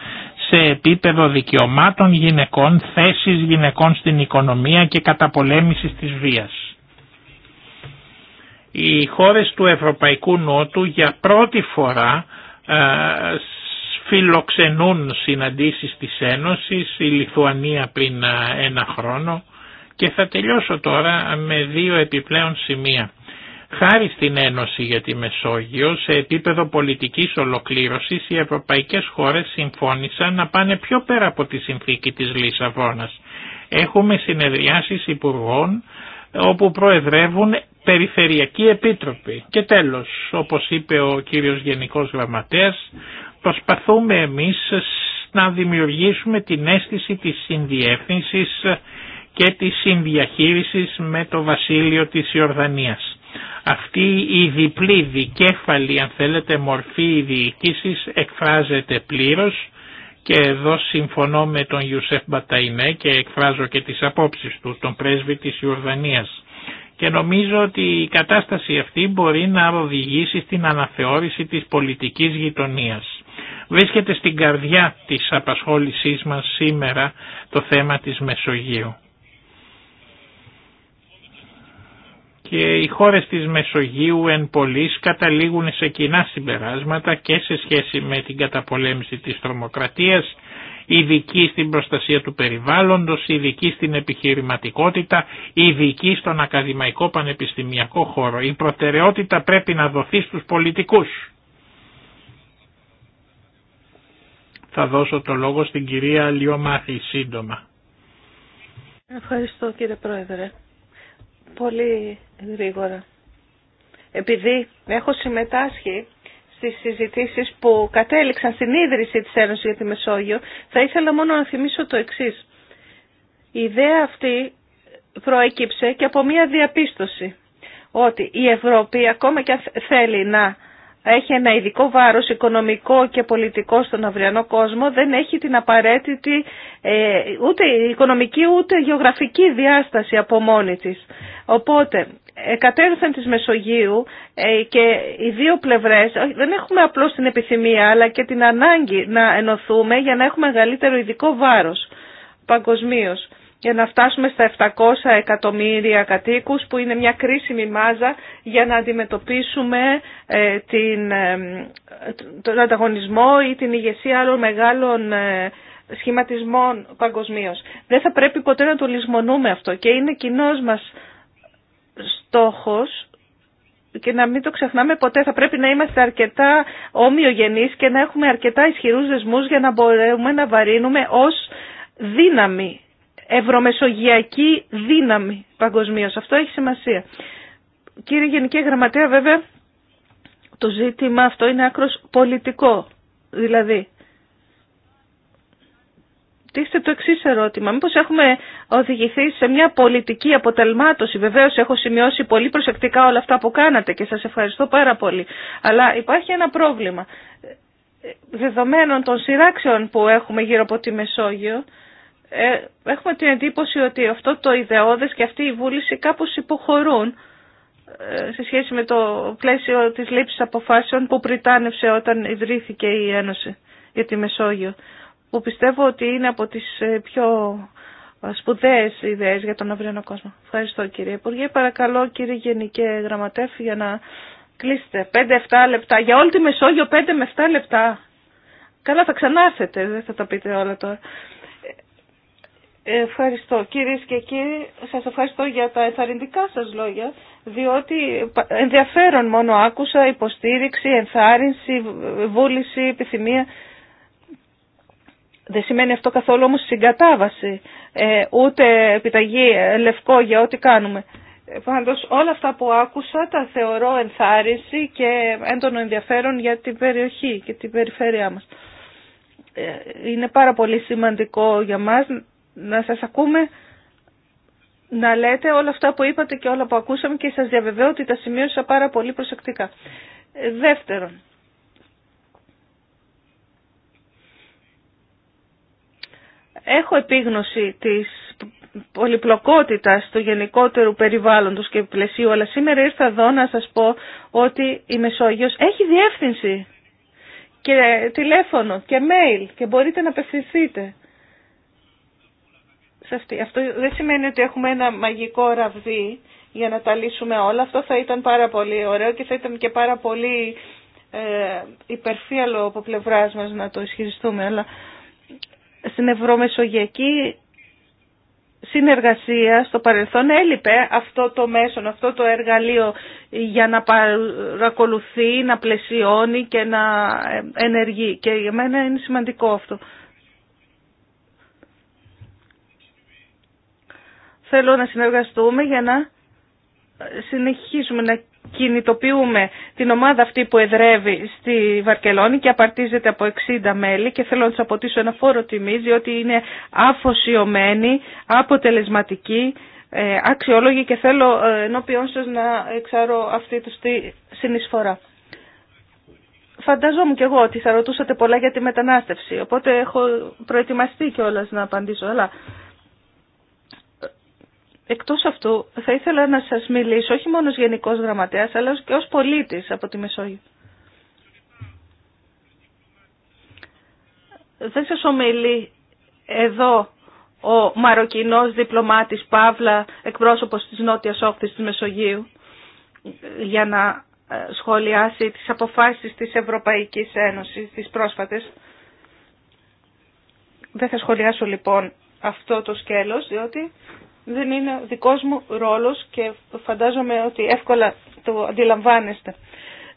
σε επίπεδο δικαιωμάτων γυναικών, θέσεις γυναικών στην οικονομία και καταπολέμησης της βίας. Οι χώρες του Ευρωπαϊκού Νότου για πρώτη φορά ε, φιλοξενούν συναντήσεις της Ένωσης, η Λιθουανία πριν ε, ένα χρόνο και θα τελειώσω τώρα με δύο επιπλέον σημεία. Χάρη στην Ένωση για τη Μεσόγειο, σε επίπεδο πολιτικής ολοκλήρωσης, οι ευρωπαϊκές χώρες συμφώνησαν να πάνε πιο πέρα από τη συνθήκη της Λισαβόνας. Έχουμε συνεδριάσεις υπουργών όπου προεδρεύουν περιφερειακοί επίτροποι. Και τέλος, όπως είπε ο κύριος Γενικός Γραμματέας, προσπαθούμε εμείς να δημιουργήσουμε την αίσθηση της συνδιεύθυνσης και της συνδιαχείρισης με το βασίλειο της Ιορδανίας. Αυτή η διπλή δικέφαλη αν θέλετε μορφή διοίκησης εκφράζεται πλήρως και εδώ συμφωνώ με τον Ιουσέφ Μπαταϊνέ και εκφράζω και τις απόψεις του, τον πρέσβη της Ιορδανίας. Και νομίζω ότι η κατάσταση αυτή μπορεί να οδηγήσει στην αναθεώρηση της πολιτικής γειτονίας. Βρίσκεται στην καρδιά της απασχόλησής μας σήμερα το θέμα της Μεσογείου. και οι χώρες της Μεσογείου εν πολλής καταλήγουν σε κοινά συμπεράσματα και σε σχέση με την καταπολέμηση της τρομοκρατίας, ειδική στην προστασία του περιβάλλοντος, ειδική στην επιχειρηματικότητα, ειδική στον ακαδημαϊκό πανεπιστημιακό χώρο. Η προτεραιότητα πρέπει να δοθεί στους πολιτικούς. Θα δώσω το λόγο στην κυρία Λιωμάθη σύντομα. Ευχαριστώ κύριε Πρόεδρε. Πολύ γρήγορα. Επειδή έχω συμμετάσχει στις συζητήσεις που κατέληξαν στην ίδρυση της Ένωσης για τη Μεσόγειο, θα ήθελα μόνο να θυμίσω το εξής. Η ιδέα αυτή προέκυψε και από μία διαπίστωση ότι η Ευρώπη ακόμα και αν θέλει να έχει ένα ειδικό βάρος οικονομικό και πολιτικό στον αυριανό κόσμο, δεν έχει την απαραίτητη ε, ούτε οικονομική ούτε γεωγραφική διάσταση από μόνη της. Οπότε, ε, κατέρωθεν της Μεσογείου ε, και οι δύο πλευρές δεν έχουμε απλώς την επιθυμία αλλά και την ανάγκη να ενωθούμε για να έχουμε μεγαλύτερο ειδικό βάρος παγκοσμίως για να φτάσουμε στα 700 εκατομμύρια κατοίκους που είναι μια κρίσιμη μάζα για να αντιμετωπίσουμε ε, την, ε, τον ανταγωνισμό ή την ηγεσία άλλων μεγάλων ε, σχηματισμών παγκοσμίω. Δεν θα πρέπει ποτέ να το λησμονούμε αυτό και είναι κοινό μας στόχος και να μην το ξεχνάμε ποτέ. Θα πρέπει να είμαστε αρκετά ομοιογενείς και να έχουμε αρκετά ισχυρούς δεσμούς για να μπορούμε να βαρύνουμε ως δύναμη ευρωμεσογειακή δύναμη παγκοσμίω. Αυτό έχει σημασία. Κύριε Γενική Γραμματέα, βέβαια, το ζήτημα αυτό είναι άκρος πολιτικό. Δηλαδή, είστε το εξή ερώτημα. Μήπως έχουμε οδηγηθεί σε μια πολιτική αποτελμάτωση. Βεβαίως έχω σημειώσει πολύ προσεκτικά όλα αυτά που κάνατε και σας ευχαριστώ πάρα πολύ. Αλλά υπάρχει ένα πρόβλημα. Δεδομένων των σειράξεων που έχουμε γύρω από τη Μεσόγειο, ε, έχουμε την εντύπωση ότι αυτό το ιδεώδες και αυτή η βούληση κάπως υποχωρούν ε, σε σχέση με το πλαίσιο της λήψης αποφάσεων που πριτάνευσε όταν ιδρύθηκε η Ένωση για τη Μεσόγειο, που πιστεύω ότι είναι από τις ε, πιο σπουδαίες ιδέες για τον αυριανό κόσμο. Ευχαριστώ κύριε Υπουργέ. Παρακαλώ κύριε Γενικέ Γραμματεύ για να κλείσετε. 5-7 λεπτά. Για όλη τη Μεσόγειο 5 με 7 λεπτά. Καλά θα ξανάρθετε, δεν θα τα πείτε όλα τώρα. Ευχαριστώ. Κύριε και κύριοι, σας ευχαριστώ για τα ενθαρρυντικά σας λόγια, διότι ενδιαφέρον μόνο άκουσα υποστήριξη, ενθάρρυνση, βούληση, επιθυμία. Δεν σημαίνει αυτό καθόλου όμως συγκατάβαση, ε, ούτε επιταγή ε, λευκό για ό,τι κάνουμε. Ε, πάντως όλα αυτά που άκουσα τα θεωρώ ενθάρρυνση και έντονο ενδιαφέρον για την περιοχή και την περιφέρειά μας. Είναι πάρα πολύ σημαντικό για μας να σας ακούμε να λέτε όλα αυτά που είπατε και όλα που ακούσαμε και σας διαβεβαιώ ότι τα σημείωσα πάρα πολύ προσεκτικά. Ε, δεύτερον, έχω επίγνωση της πολυπλοκότητας του γενικότερου περιβάλλοντος και πλαισίου, αλλά σήμερα ήρθα εδώ να σας πω ότι η Μεσόγειος έχει διεύθυνση και τηλέφωνο και mail και μπορείτε να απευθυνθείτε σε Αυτό δεν σημαίνει ότι έχουμε ένα μαγικό ραβδί για να τα λύσουμε όλα. Αυτό θα ήταν πάρα πολύ ωραίο και θα ήταν και πάρα πολύ ε, υπερφύαλο από πλευρά μα να το ισχυριστούμε. Αλλά στην ευρωμεσογειακή συνεργασία στο παρελθόν έλειπε αυτό το μέσο, αυτό το εργαλείο για να παρακολουθεί, να πλαισιώνει και να ε, ενεργεί. Και για μένα είναι σημαντικό αυτό. Θέλω να συνεργαστούμε για να συνεχίσουμε να κινητοποιούμε την ομάδα αυτή που εδρεύει στη Βαρκελόνη και απαρτίζεται από 60 μέλη και θέλω να σας αποτίσω ένα φόρο τιμής διότι είναι αφοσιωμένοι, αποτελεσματικοί, ε, αξιόλογοι και θέλω ε, ενώπιόν σας να εξαρώ αυτή τους τη συνεισφορά. φαντάζομαι και εγώ ότι θα ρωτούσατε πολλά για τη μετανάστευση, οπότε έχω προετοιμαστεί κιόλας να απαντήσω, αλλά Εκτός αυτού, θα ήθελα να σας μιλήσω όχι μόνο ως Γενικός Γραμματέας, αλλά και ως πολίτης από τη Μεσόγειο. Δεν σας ομιλεί εδώ ο Μαροκινός διπλωμάτης Παύλα, εκπρόσωπος της Νότιας Όχθης της Μεσογείου, για να ε, σχολιάσει τις αποφάσεις της Ευρωπαϊκής Ένωσης, τις πρόσφατες. Δεν θα σχολιάσω λοιπόν αυτό το σκέλος, διότι δεν είναι ο δικός μου ρόλος και φαντάζομαι ότι εύκολα το αντιλαμβάνεστε.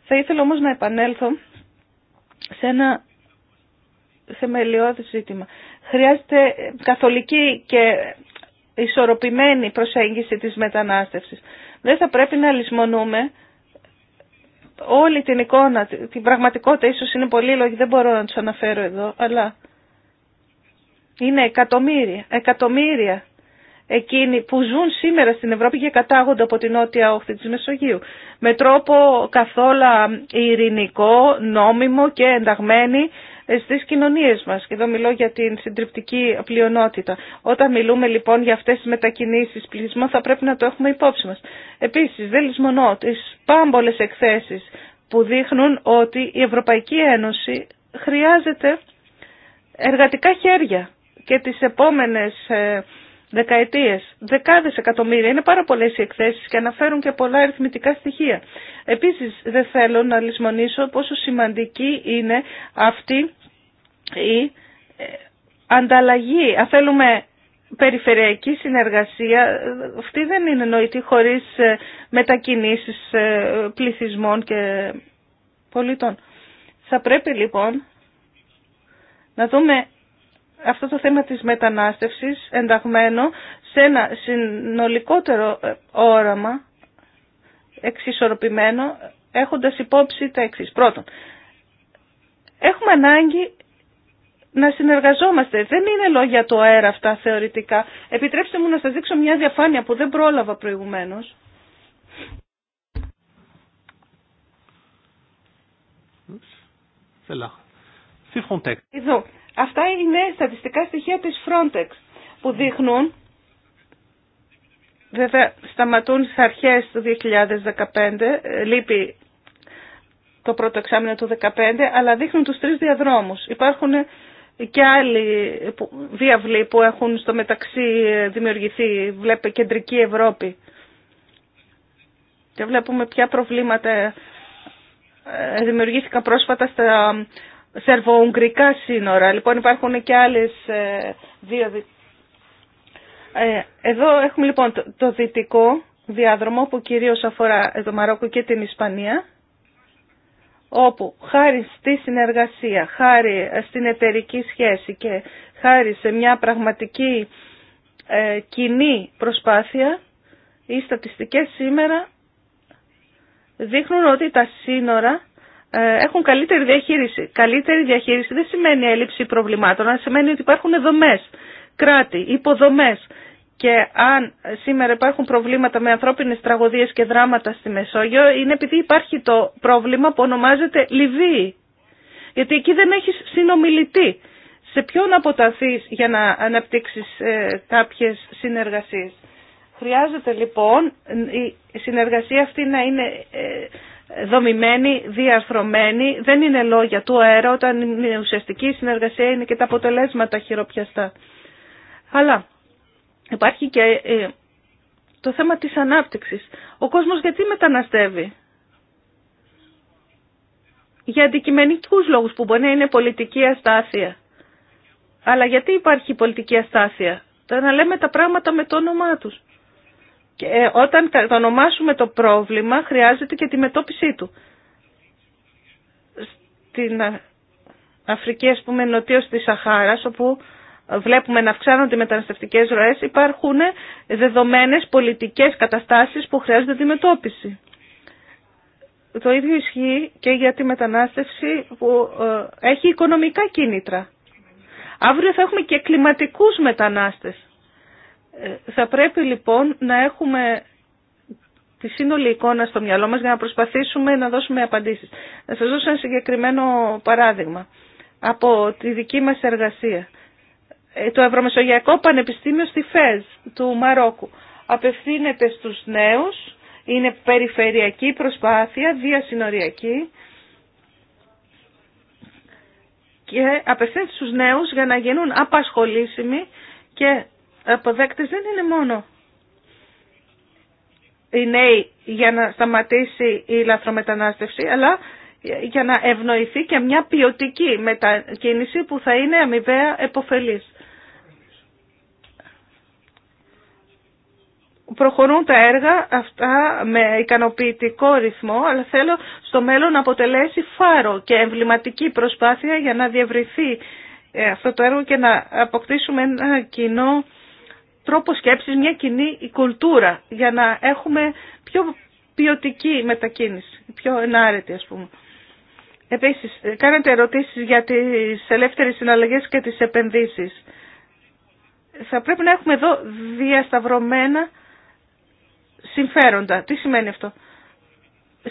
Θα ήθελα όμως να επανέλθω σε ένα θεμελιώδη ζήτημα. Χρειάζεται καθολική και ισορροπημένη προσέγγιση της μετανάστευσης. Δεν θα πρέπει να λησμονούμε όλη την εικόνα, την πραγματικότητα, ίσως είναι πολλοί λόγοι, δεν μπορώ να τους αναφέρω εδώ, αλλά είναι εκατομμύρια, εκατομμύρια εκείνοι που ζουν σήμερα στην Ευρώπη και κατάγονται από την νότια όχθη της Μεσογείου. Με τρόπο καθόλου ειρηνικό, νόμιμο και ενταγμένοι στις κοινωνίες μας. Και εδώ μιλώ για την συντριπτική πλειονότητα. Όταν μιλούμε λοιπόν για αυτές τις μετακινήσεις πληθυσμών θα πρέπει να το έχουμε υπόψη μας. Επίσης δεν λησμονώ τις πάμπολες εκθέσεις που δείχνουν ότι η Ευρωπαϊκή Ένωση χρειάζεται εργατικά χέρια και τις επόμενες ε, δεκαετίες, δεκάδες εκατομμύρια. Είναι πάρα πολλέ οι εκθέσει και αναφέρουν και πολλά αριθμητικά στοιχεία. Επίσης δεν θέλω να λησμονήσω πόσο σημαντική είναι αυτή η ε, ανταλλαγή. Αν θέλουμε περιφερειακή συνεργασία, αυτή δεν είναι νοητή χωρίς ε, μετακινήσεις ε, πληθυσμών και πολιτών. Θα πρέπει λοιπόν να δούμε αυτό το θέμα της μετανάστευσης ενταγμένο σε ένα συνολικότερο ε, όραμα εξισορροπημένο έχοντας υπόψη τα εξή. Πρώτον, έχουμε ανάγκη να συνεργαζόμαστε. Δεν είναι λόγια το αέρα αυτά θεωρητικά. Επιτρέψτε μου να σας δείξω μια διαφάνεια που δεν πρόλαβα προηγουμένως. Εδώ. Αυτά είναι στατιστικά στοιχεία της Frontex που δείχνουν, βέβαια σταματούν στις αρχές του 2015, λείπει το πρώτο εξάμεινο του 2015, αλλά δείχνουν τους τρεις διαδρόμους. Υπάρχουν και άλλοι διαβλοί που έχουν στο μεταξύ δημιουργηθεί, βλέπε κεντρική Ευρώπη. Και βλέπουμε ποια προβλήματα ε, δημιουργήθηκαν πρόσφατα στα σερβο-ουγγρικά σύνορα. Λοιπόν υπάρχουν και άλλες ε, δύο... Ε, εδώ έχουμε λοιπόν το δυτικό διάδρομο που κυρίως αφορά το Μαρόκο και την Ισπανία όπου χάρη στη συνεργασία, χάρη στην εταιρική σχέση και χάρη σε μια πραγματική ε, κοινή προσπάθεια οι στατιστικές σήμερα δείχνουν ότι τα σύνορα ε, έχουν καλύτερη διαχείριση. Καλύτερη διαχείριση δεν σημαίνει έλλειψη προβλημάτων, αλλά σημαίνει ότι υπάρχουν δομές, κράτη, υποδομές. Και αν σήμερα υπάρχουν προβλήματα με ανθρώπινες τραγωδίες και δράματα στη Μεσόγειο, είναι επειδή υπάρχει το πρόβλημα που ονομάζεται Λιβύη. Γιατί εκεί δεν έχεις συνομιλητή. Σε ποιον αποταθείς για να αναπτύξεις ε, κάποιες συνεργασίες. Χρειάζεται λοιπόν η συνεργασία αυτή να είναι ε, δομημένη, διαρθρωμένη. Δεν είναι λόγια του αέρα όταν η ουσιαστική συνεργασία είναι και τα αποτελέσματα χειροπιαστά. Αλλά υπάρχει και ε, το θέμα της ανάπτυξης. Ο κόσμος γιατί μεταναστεύει. Για αντικειμενικούς λόγους που μπορεί να είναι πολιτική αστάθεια. Αλλά γιατί υπάρχει πολιτική αστάθεια. Το να λέμε τα πράγματα με το όνομά τους. Και ε, όταν ονομάσουμε το πρόβλημα χρειάζεται και τη μετώπιση του. Στην ε, Αφρική, ας πούμε, νοτίως της Σαχάρας, όπου βλέπουμε να αυξάνονται οι μεταναστευτικές ροές, υπάρχουν δεδομένες πολιτικές καταστάσεις που χρειάζονται τη μετώπιση. Το ίδιο ισχύει και για τη μετανάστευση που ε, έχει οικονομικά κίνητρα. Αύριο θα έχουμε και κλιματικούς μετανάστες ε, θα πρέπει λοιπόν να έχουμε τη σύνολη εικόνα στο μυαλό μας για να προσπαθήσουμε να δώσουμε απαντήσεις. Να σας δώσω ένα συγκεκριμένο παράδειγμα από τη δική μας εργασία. Ε, το Ευρωμεσογειακό Πανεπιστήμιο στη ΦΕΖ του Μαρόκου απευθύνεται στους νέους, είναι περιφερειακή προσπάθεια, διασυνοριακή και απευθύνεται στους νέους για να γίνουν απασχολήσιμοι και αποδέκτες δεν είναι μόνο οι νέοι για να σταματήσει η λαθρομετανάστευση, αλλά για να ευνοηθεί και μια ποιοτική μετακίνηση που θα είναι αμοιβαία επωφελής. Προχωρούν τα έργα αυτά με ικανοποιητικό ρυθμό, αλλά θέλω στο μέλλον να αποτελέσει φάρο και εμβληματική προσπάθεια για να διευρυθεί ε, αυτό το έργο και να αποκτήσουμε ένα κοινό τρόπο σκέψης, μια κοινή κουλτούρα για να έχουμε πιο ποιοτική μετακίνηση, πιο ενάρετη ας πούμε. Επίσης, κάνετε ερωτήσεις για τις ελεύθερες συναλλαγές και τις επενδύσεις. Θα πρέπει να έχουμε εδώ διασταυρωμένα συμφέροντα. Τι σημαίνει αυτό.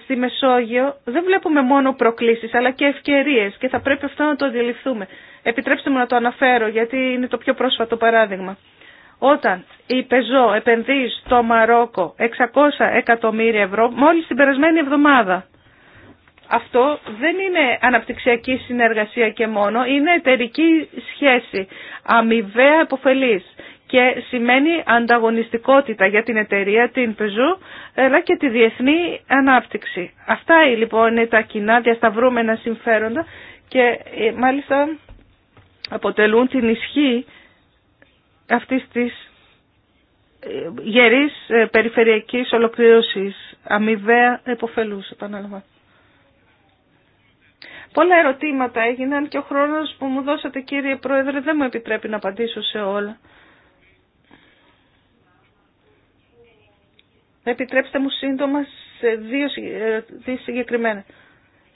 Στη Μεσόγειο δεν βλέπουμε μόνο προκλήσεις αλλά και ευκαιρίες και θα πρέπει αυτό να το αντιληφθούμε. Επιτρέψτε μου να το αναφέρω γιατί είναι το πιο πρόσφατο παράδειγμα όταν η Πεζό επενδύει στο Μαρόκο 600 εκατομμύρια ευρώ μόλις την περασμένη εβδομάδα. Αυτό δεν είναι αναπτυξιακή συνεργασία και μόνο, είναι εταιρική σχέση, αμοιβαία αμοιβαία-εποφελής και σημαίνει ανταγωνιστικότητα για την εταιρεία, την Peugeot, αλλά και τη διεθνή ανάπτυξη. Αυτά λοιπόν είναι τα κοινά διασταυρούμενα συμφέροντα και ε, μάλιστα αποτελούν την ισχύ αυτής της ε, γερής ε, περιφερειακής ολοκλήρωσης αμοιβαία εποφελούς, επαναλαμβάνω. Πολλά ερωτήματα έγιναν και ο χρόνος που μου δώσατε κύριε Πρόεδρε δεν μου επιτρέπει να απαντήσω σε όλα. Επιτρέψτε μου σύντομα σε δύο ε, ερωτήσεις συγκεκριμένα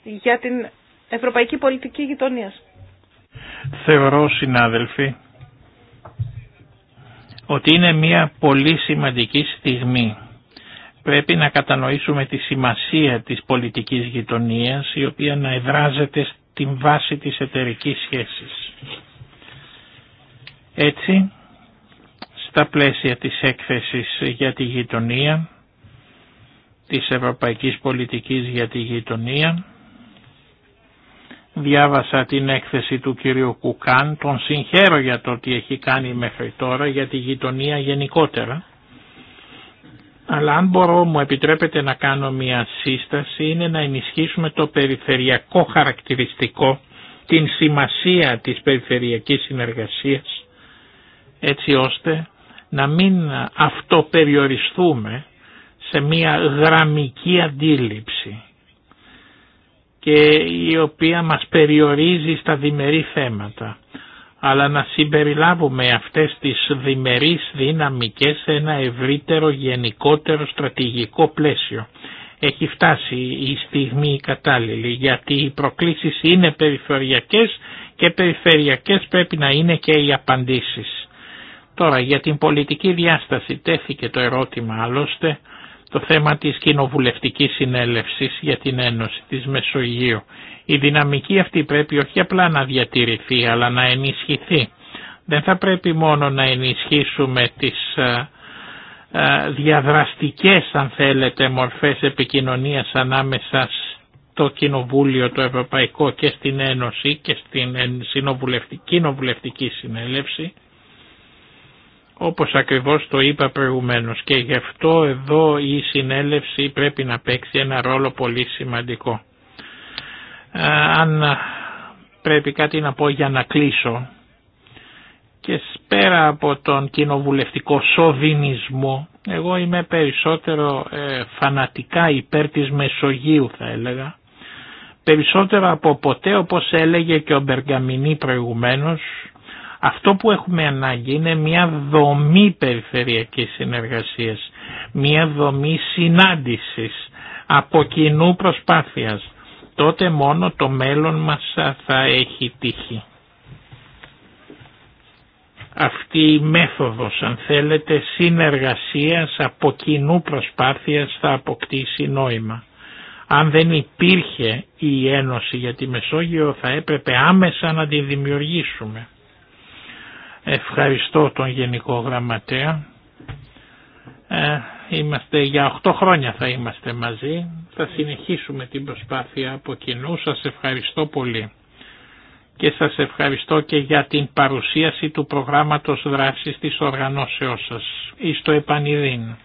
για την ευρωπαϊκή πολιτική γειτονίας. Θεωρώ συνάδελφοι ότι είναι μια πολύ σημαντική στιγμή. Πρέπει να κατανοήσουμε τη σημασία της πολιτικής γειτονίας η οποία να εδράζεται στην βάση της εταιρικής σχέσης. Έτσι, στα πλαίσια της έκθεσης για τη γειτονία, της ευρωπαϊκής πολιτικής για τη γειτονία, Διάβασα την έκθεση του κυρίου Κουκάν, τον συγχαίρω για το τι έχει κάνει μέχρι τώρα για τη γειτονία γενικότερα. Αλλά αν μπορώ μου επιτρέπετε να κάνω μια σύσταση είναι να ενισχύσουμε το περιφερειακό χαρακτηριστικό, την σημασία της περιφερειακής συνεργασίας έτσι ώστε να μην αυτοπεριοριστούμε σε μια γραμμική αντίληψη και η οποία μας περιορίζει στα διμερεί θέματα. Αλλά να συμπεριλάβουμε αυτές τις διμερείς δυναμικές σε ένα ευρύτερο γενικότερο στρατηγικό πλαίσιο. Έχει φτάσει η στιγμή η κατάλληλη γιατί οι προκλήσεις είναι περιφερειακές και περιφερειακές πρέπει να είναι και οι απαντήσεις. Τώρα για την πολιτική διάσταση τέθηκε το ερώτημα άλλωστε το θέμα της κοινοβουλευτικής συνέλευσης για την Ένωση της Μεσογείου. Η δυναμική αυτή πρέπει όχι απλά να διατηρηθεί αλλά να ενισχυθεί. Δεν θα πρέπει μόνο να ενισχύσουμε τις ε, ε, διαδραστικές αν θέλετε μορφές επικοινωνίας ανάμεσα στο Κοινοβούλιο το Ευρωπαϊκό και στην Ένωση και στην Κοινοβουλευτική Συνέλευση όπως ακριβώς το είπα προηγουμένως και γι' αυτό εδώ η συνέλευση πρέπει να παίξει ένα ρόλο πολύ σημαντικό. Αν πρέπει κάτι να πω για να κλείσω και πέρα από τον κοινοβουλευτικό σοβινισμό εγώ είμαι περισσότερο ε, φανατικά υπέρ της Μεσογείου θα έλεγα περισσότερο από ποτέ όπως έλεγε και ο Μπεργαμινή προηγουμένως αυτό που έχουμε ανάγκη είναι μια δομή περιφερειακής συνεργασίας, μια δομή συνάντησης, από κοινού προσπάθειας. Τότε μόνο το μέλλον μας θα έχει τύχη. Αυτή η μέθοδος, αν θέλετε, συνεργασίας από κοινού προσπάθειας θα αποκτήσει νόημα. Αν δεν υπήρχε η Ένωση για τη Μεσόγειο θα έπρεπε άμεσα να τη δημιουργήσουμε. Ευχαριστώ τον Γενικό Γραμματέα. Ε, είμαστε για 8 χρόνια θα είμαστε μαζί. Θα συνεχίσουμε την προσπάθεια από κοινού. Σας ευχαριστώ πολύ. Και σας ευχαριστώ και για την παρουσίαση του προγράμματος δράσης της οργανώσεώς σας. Είστε επανειδήν.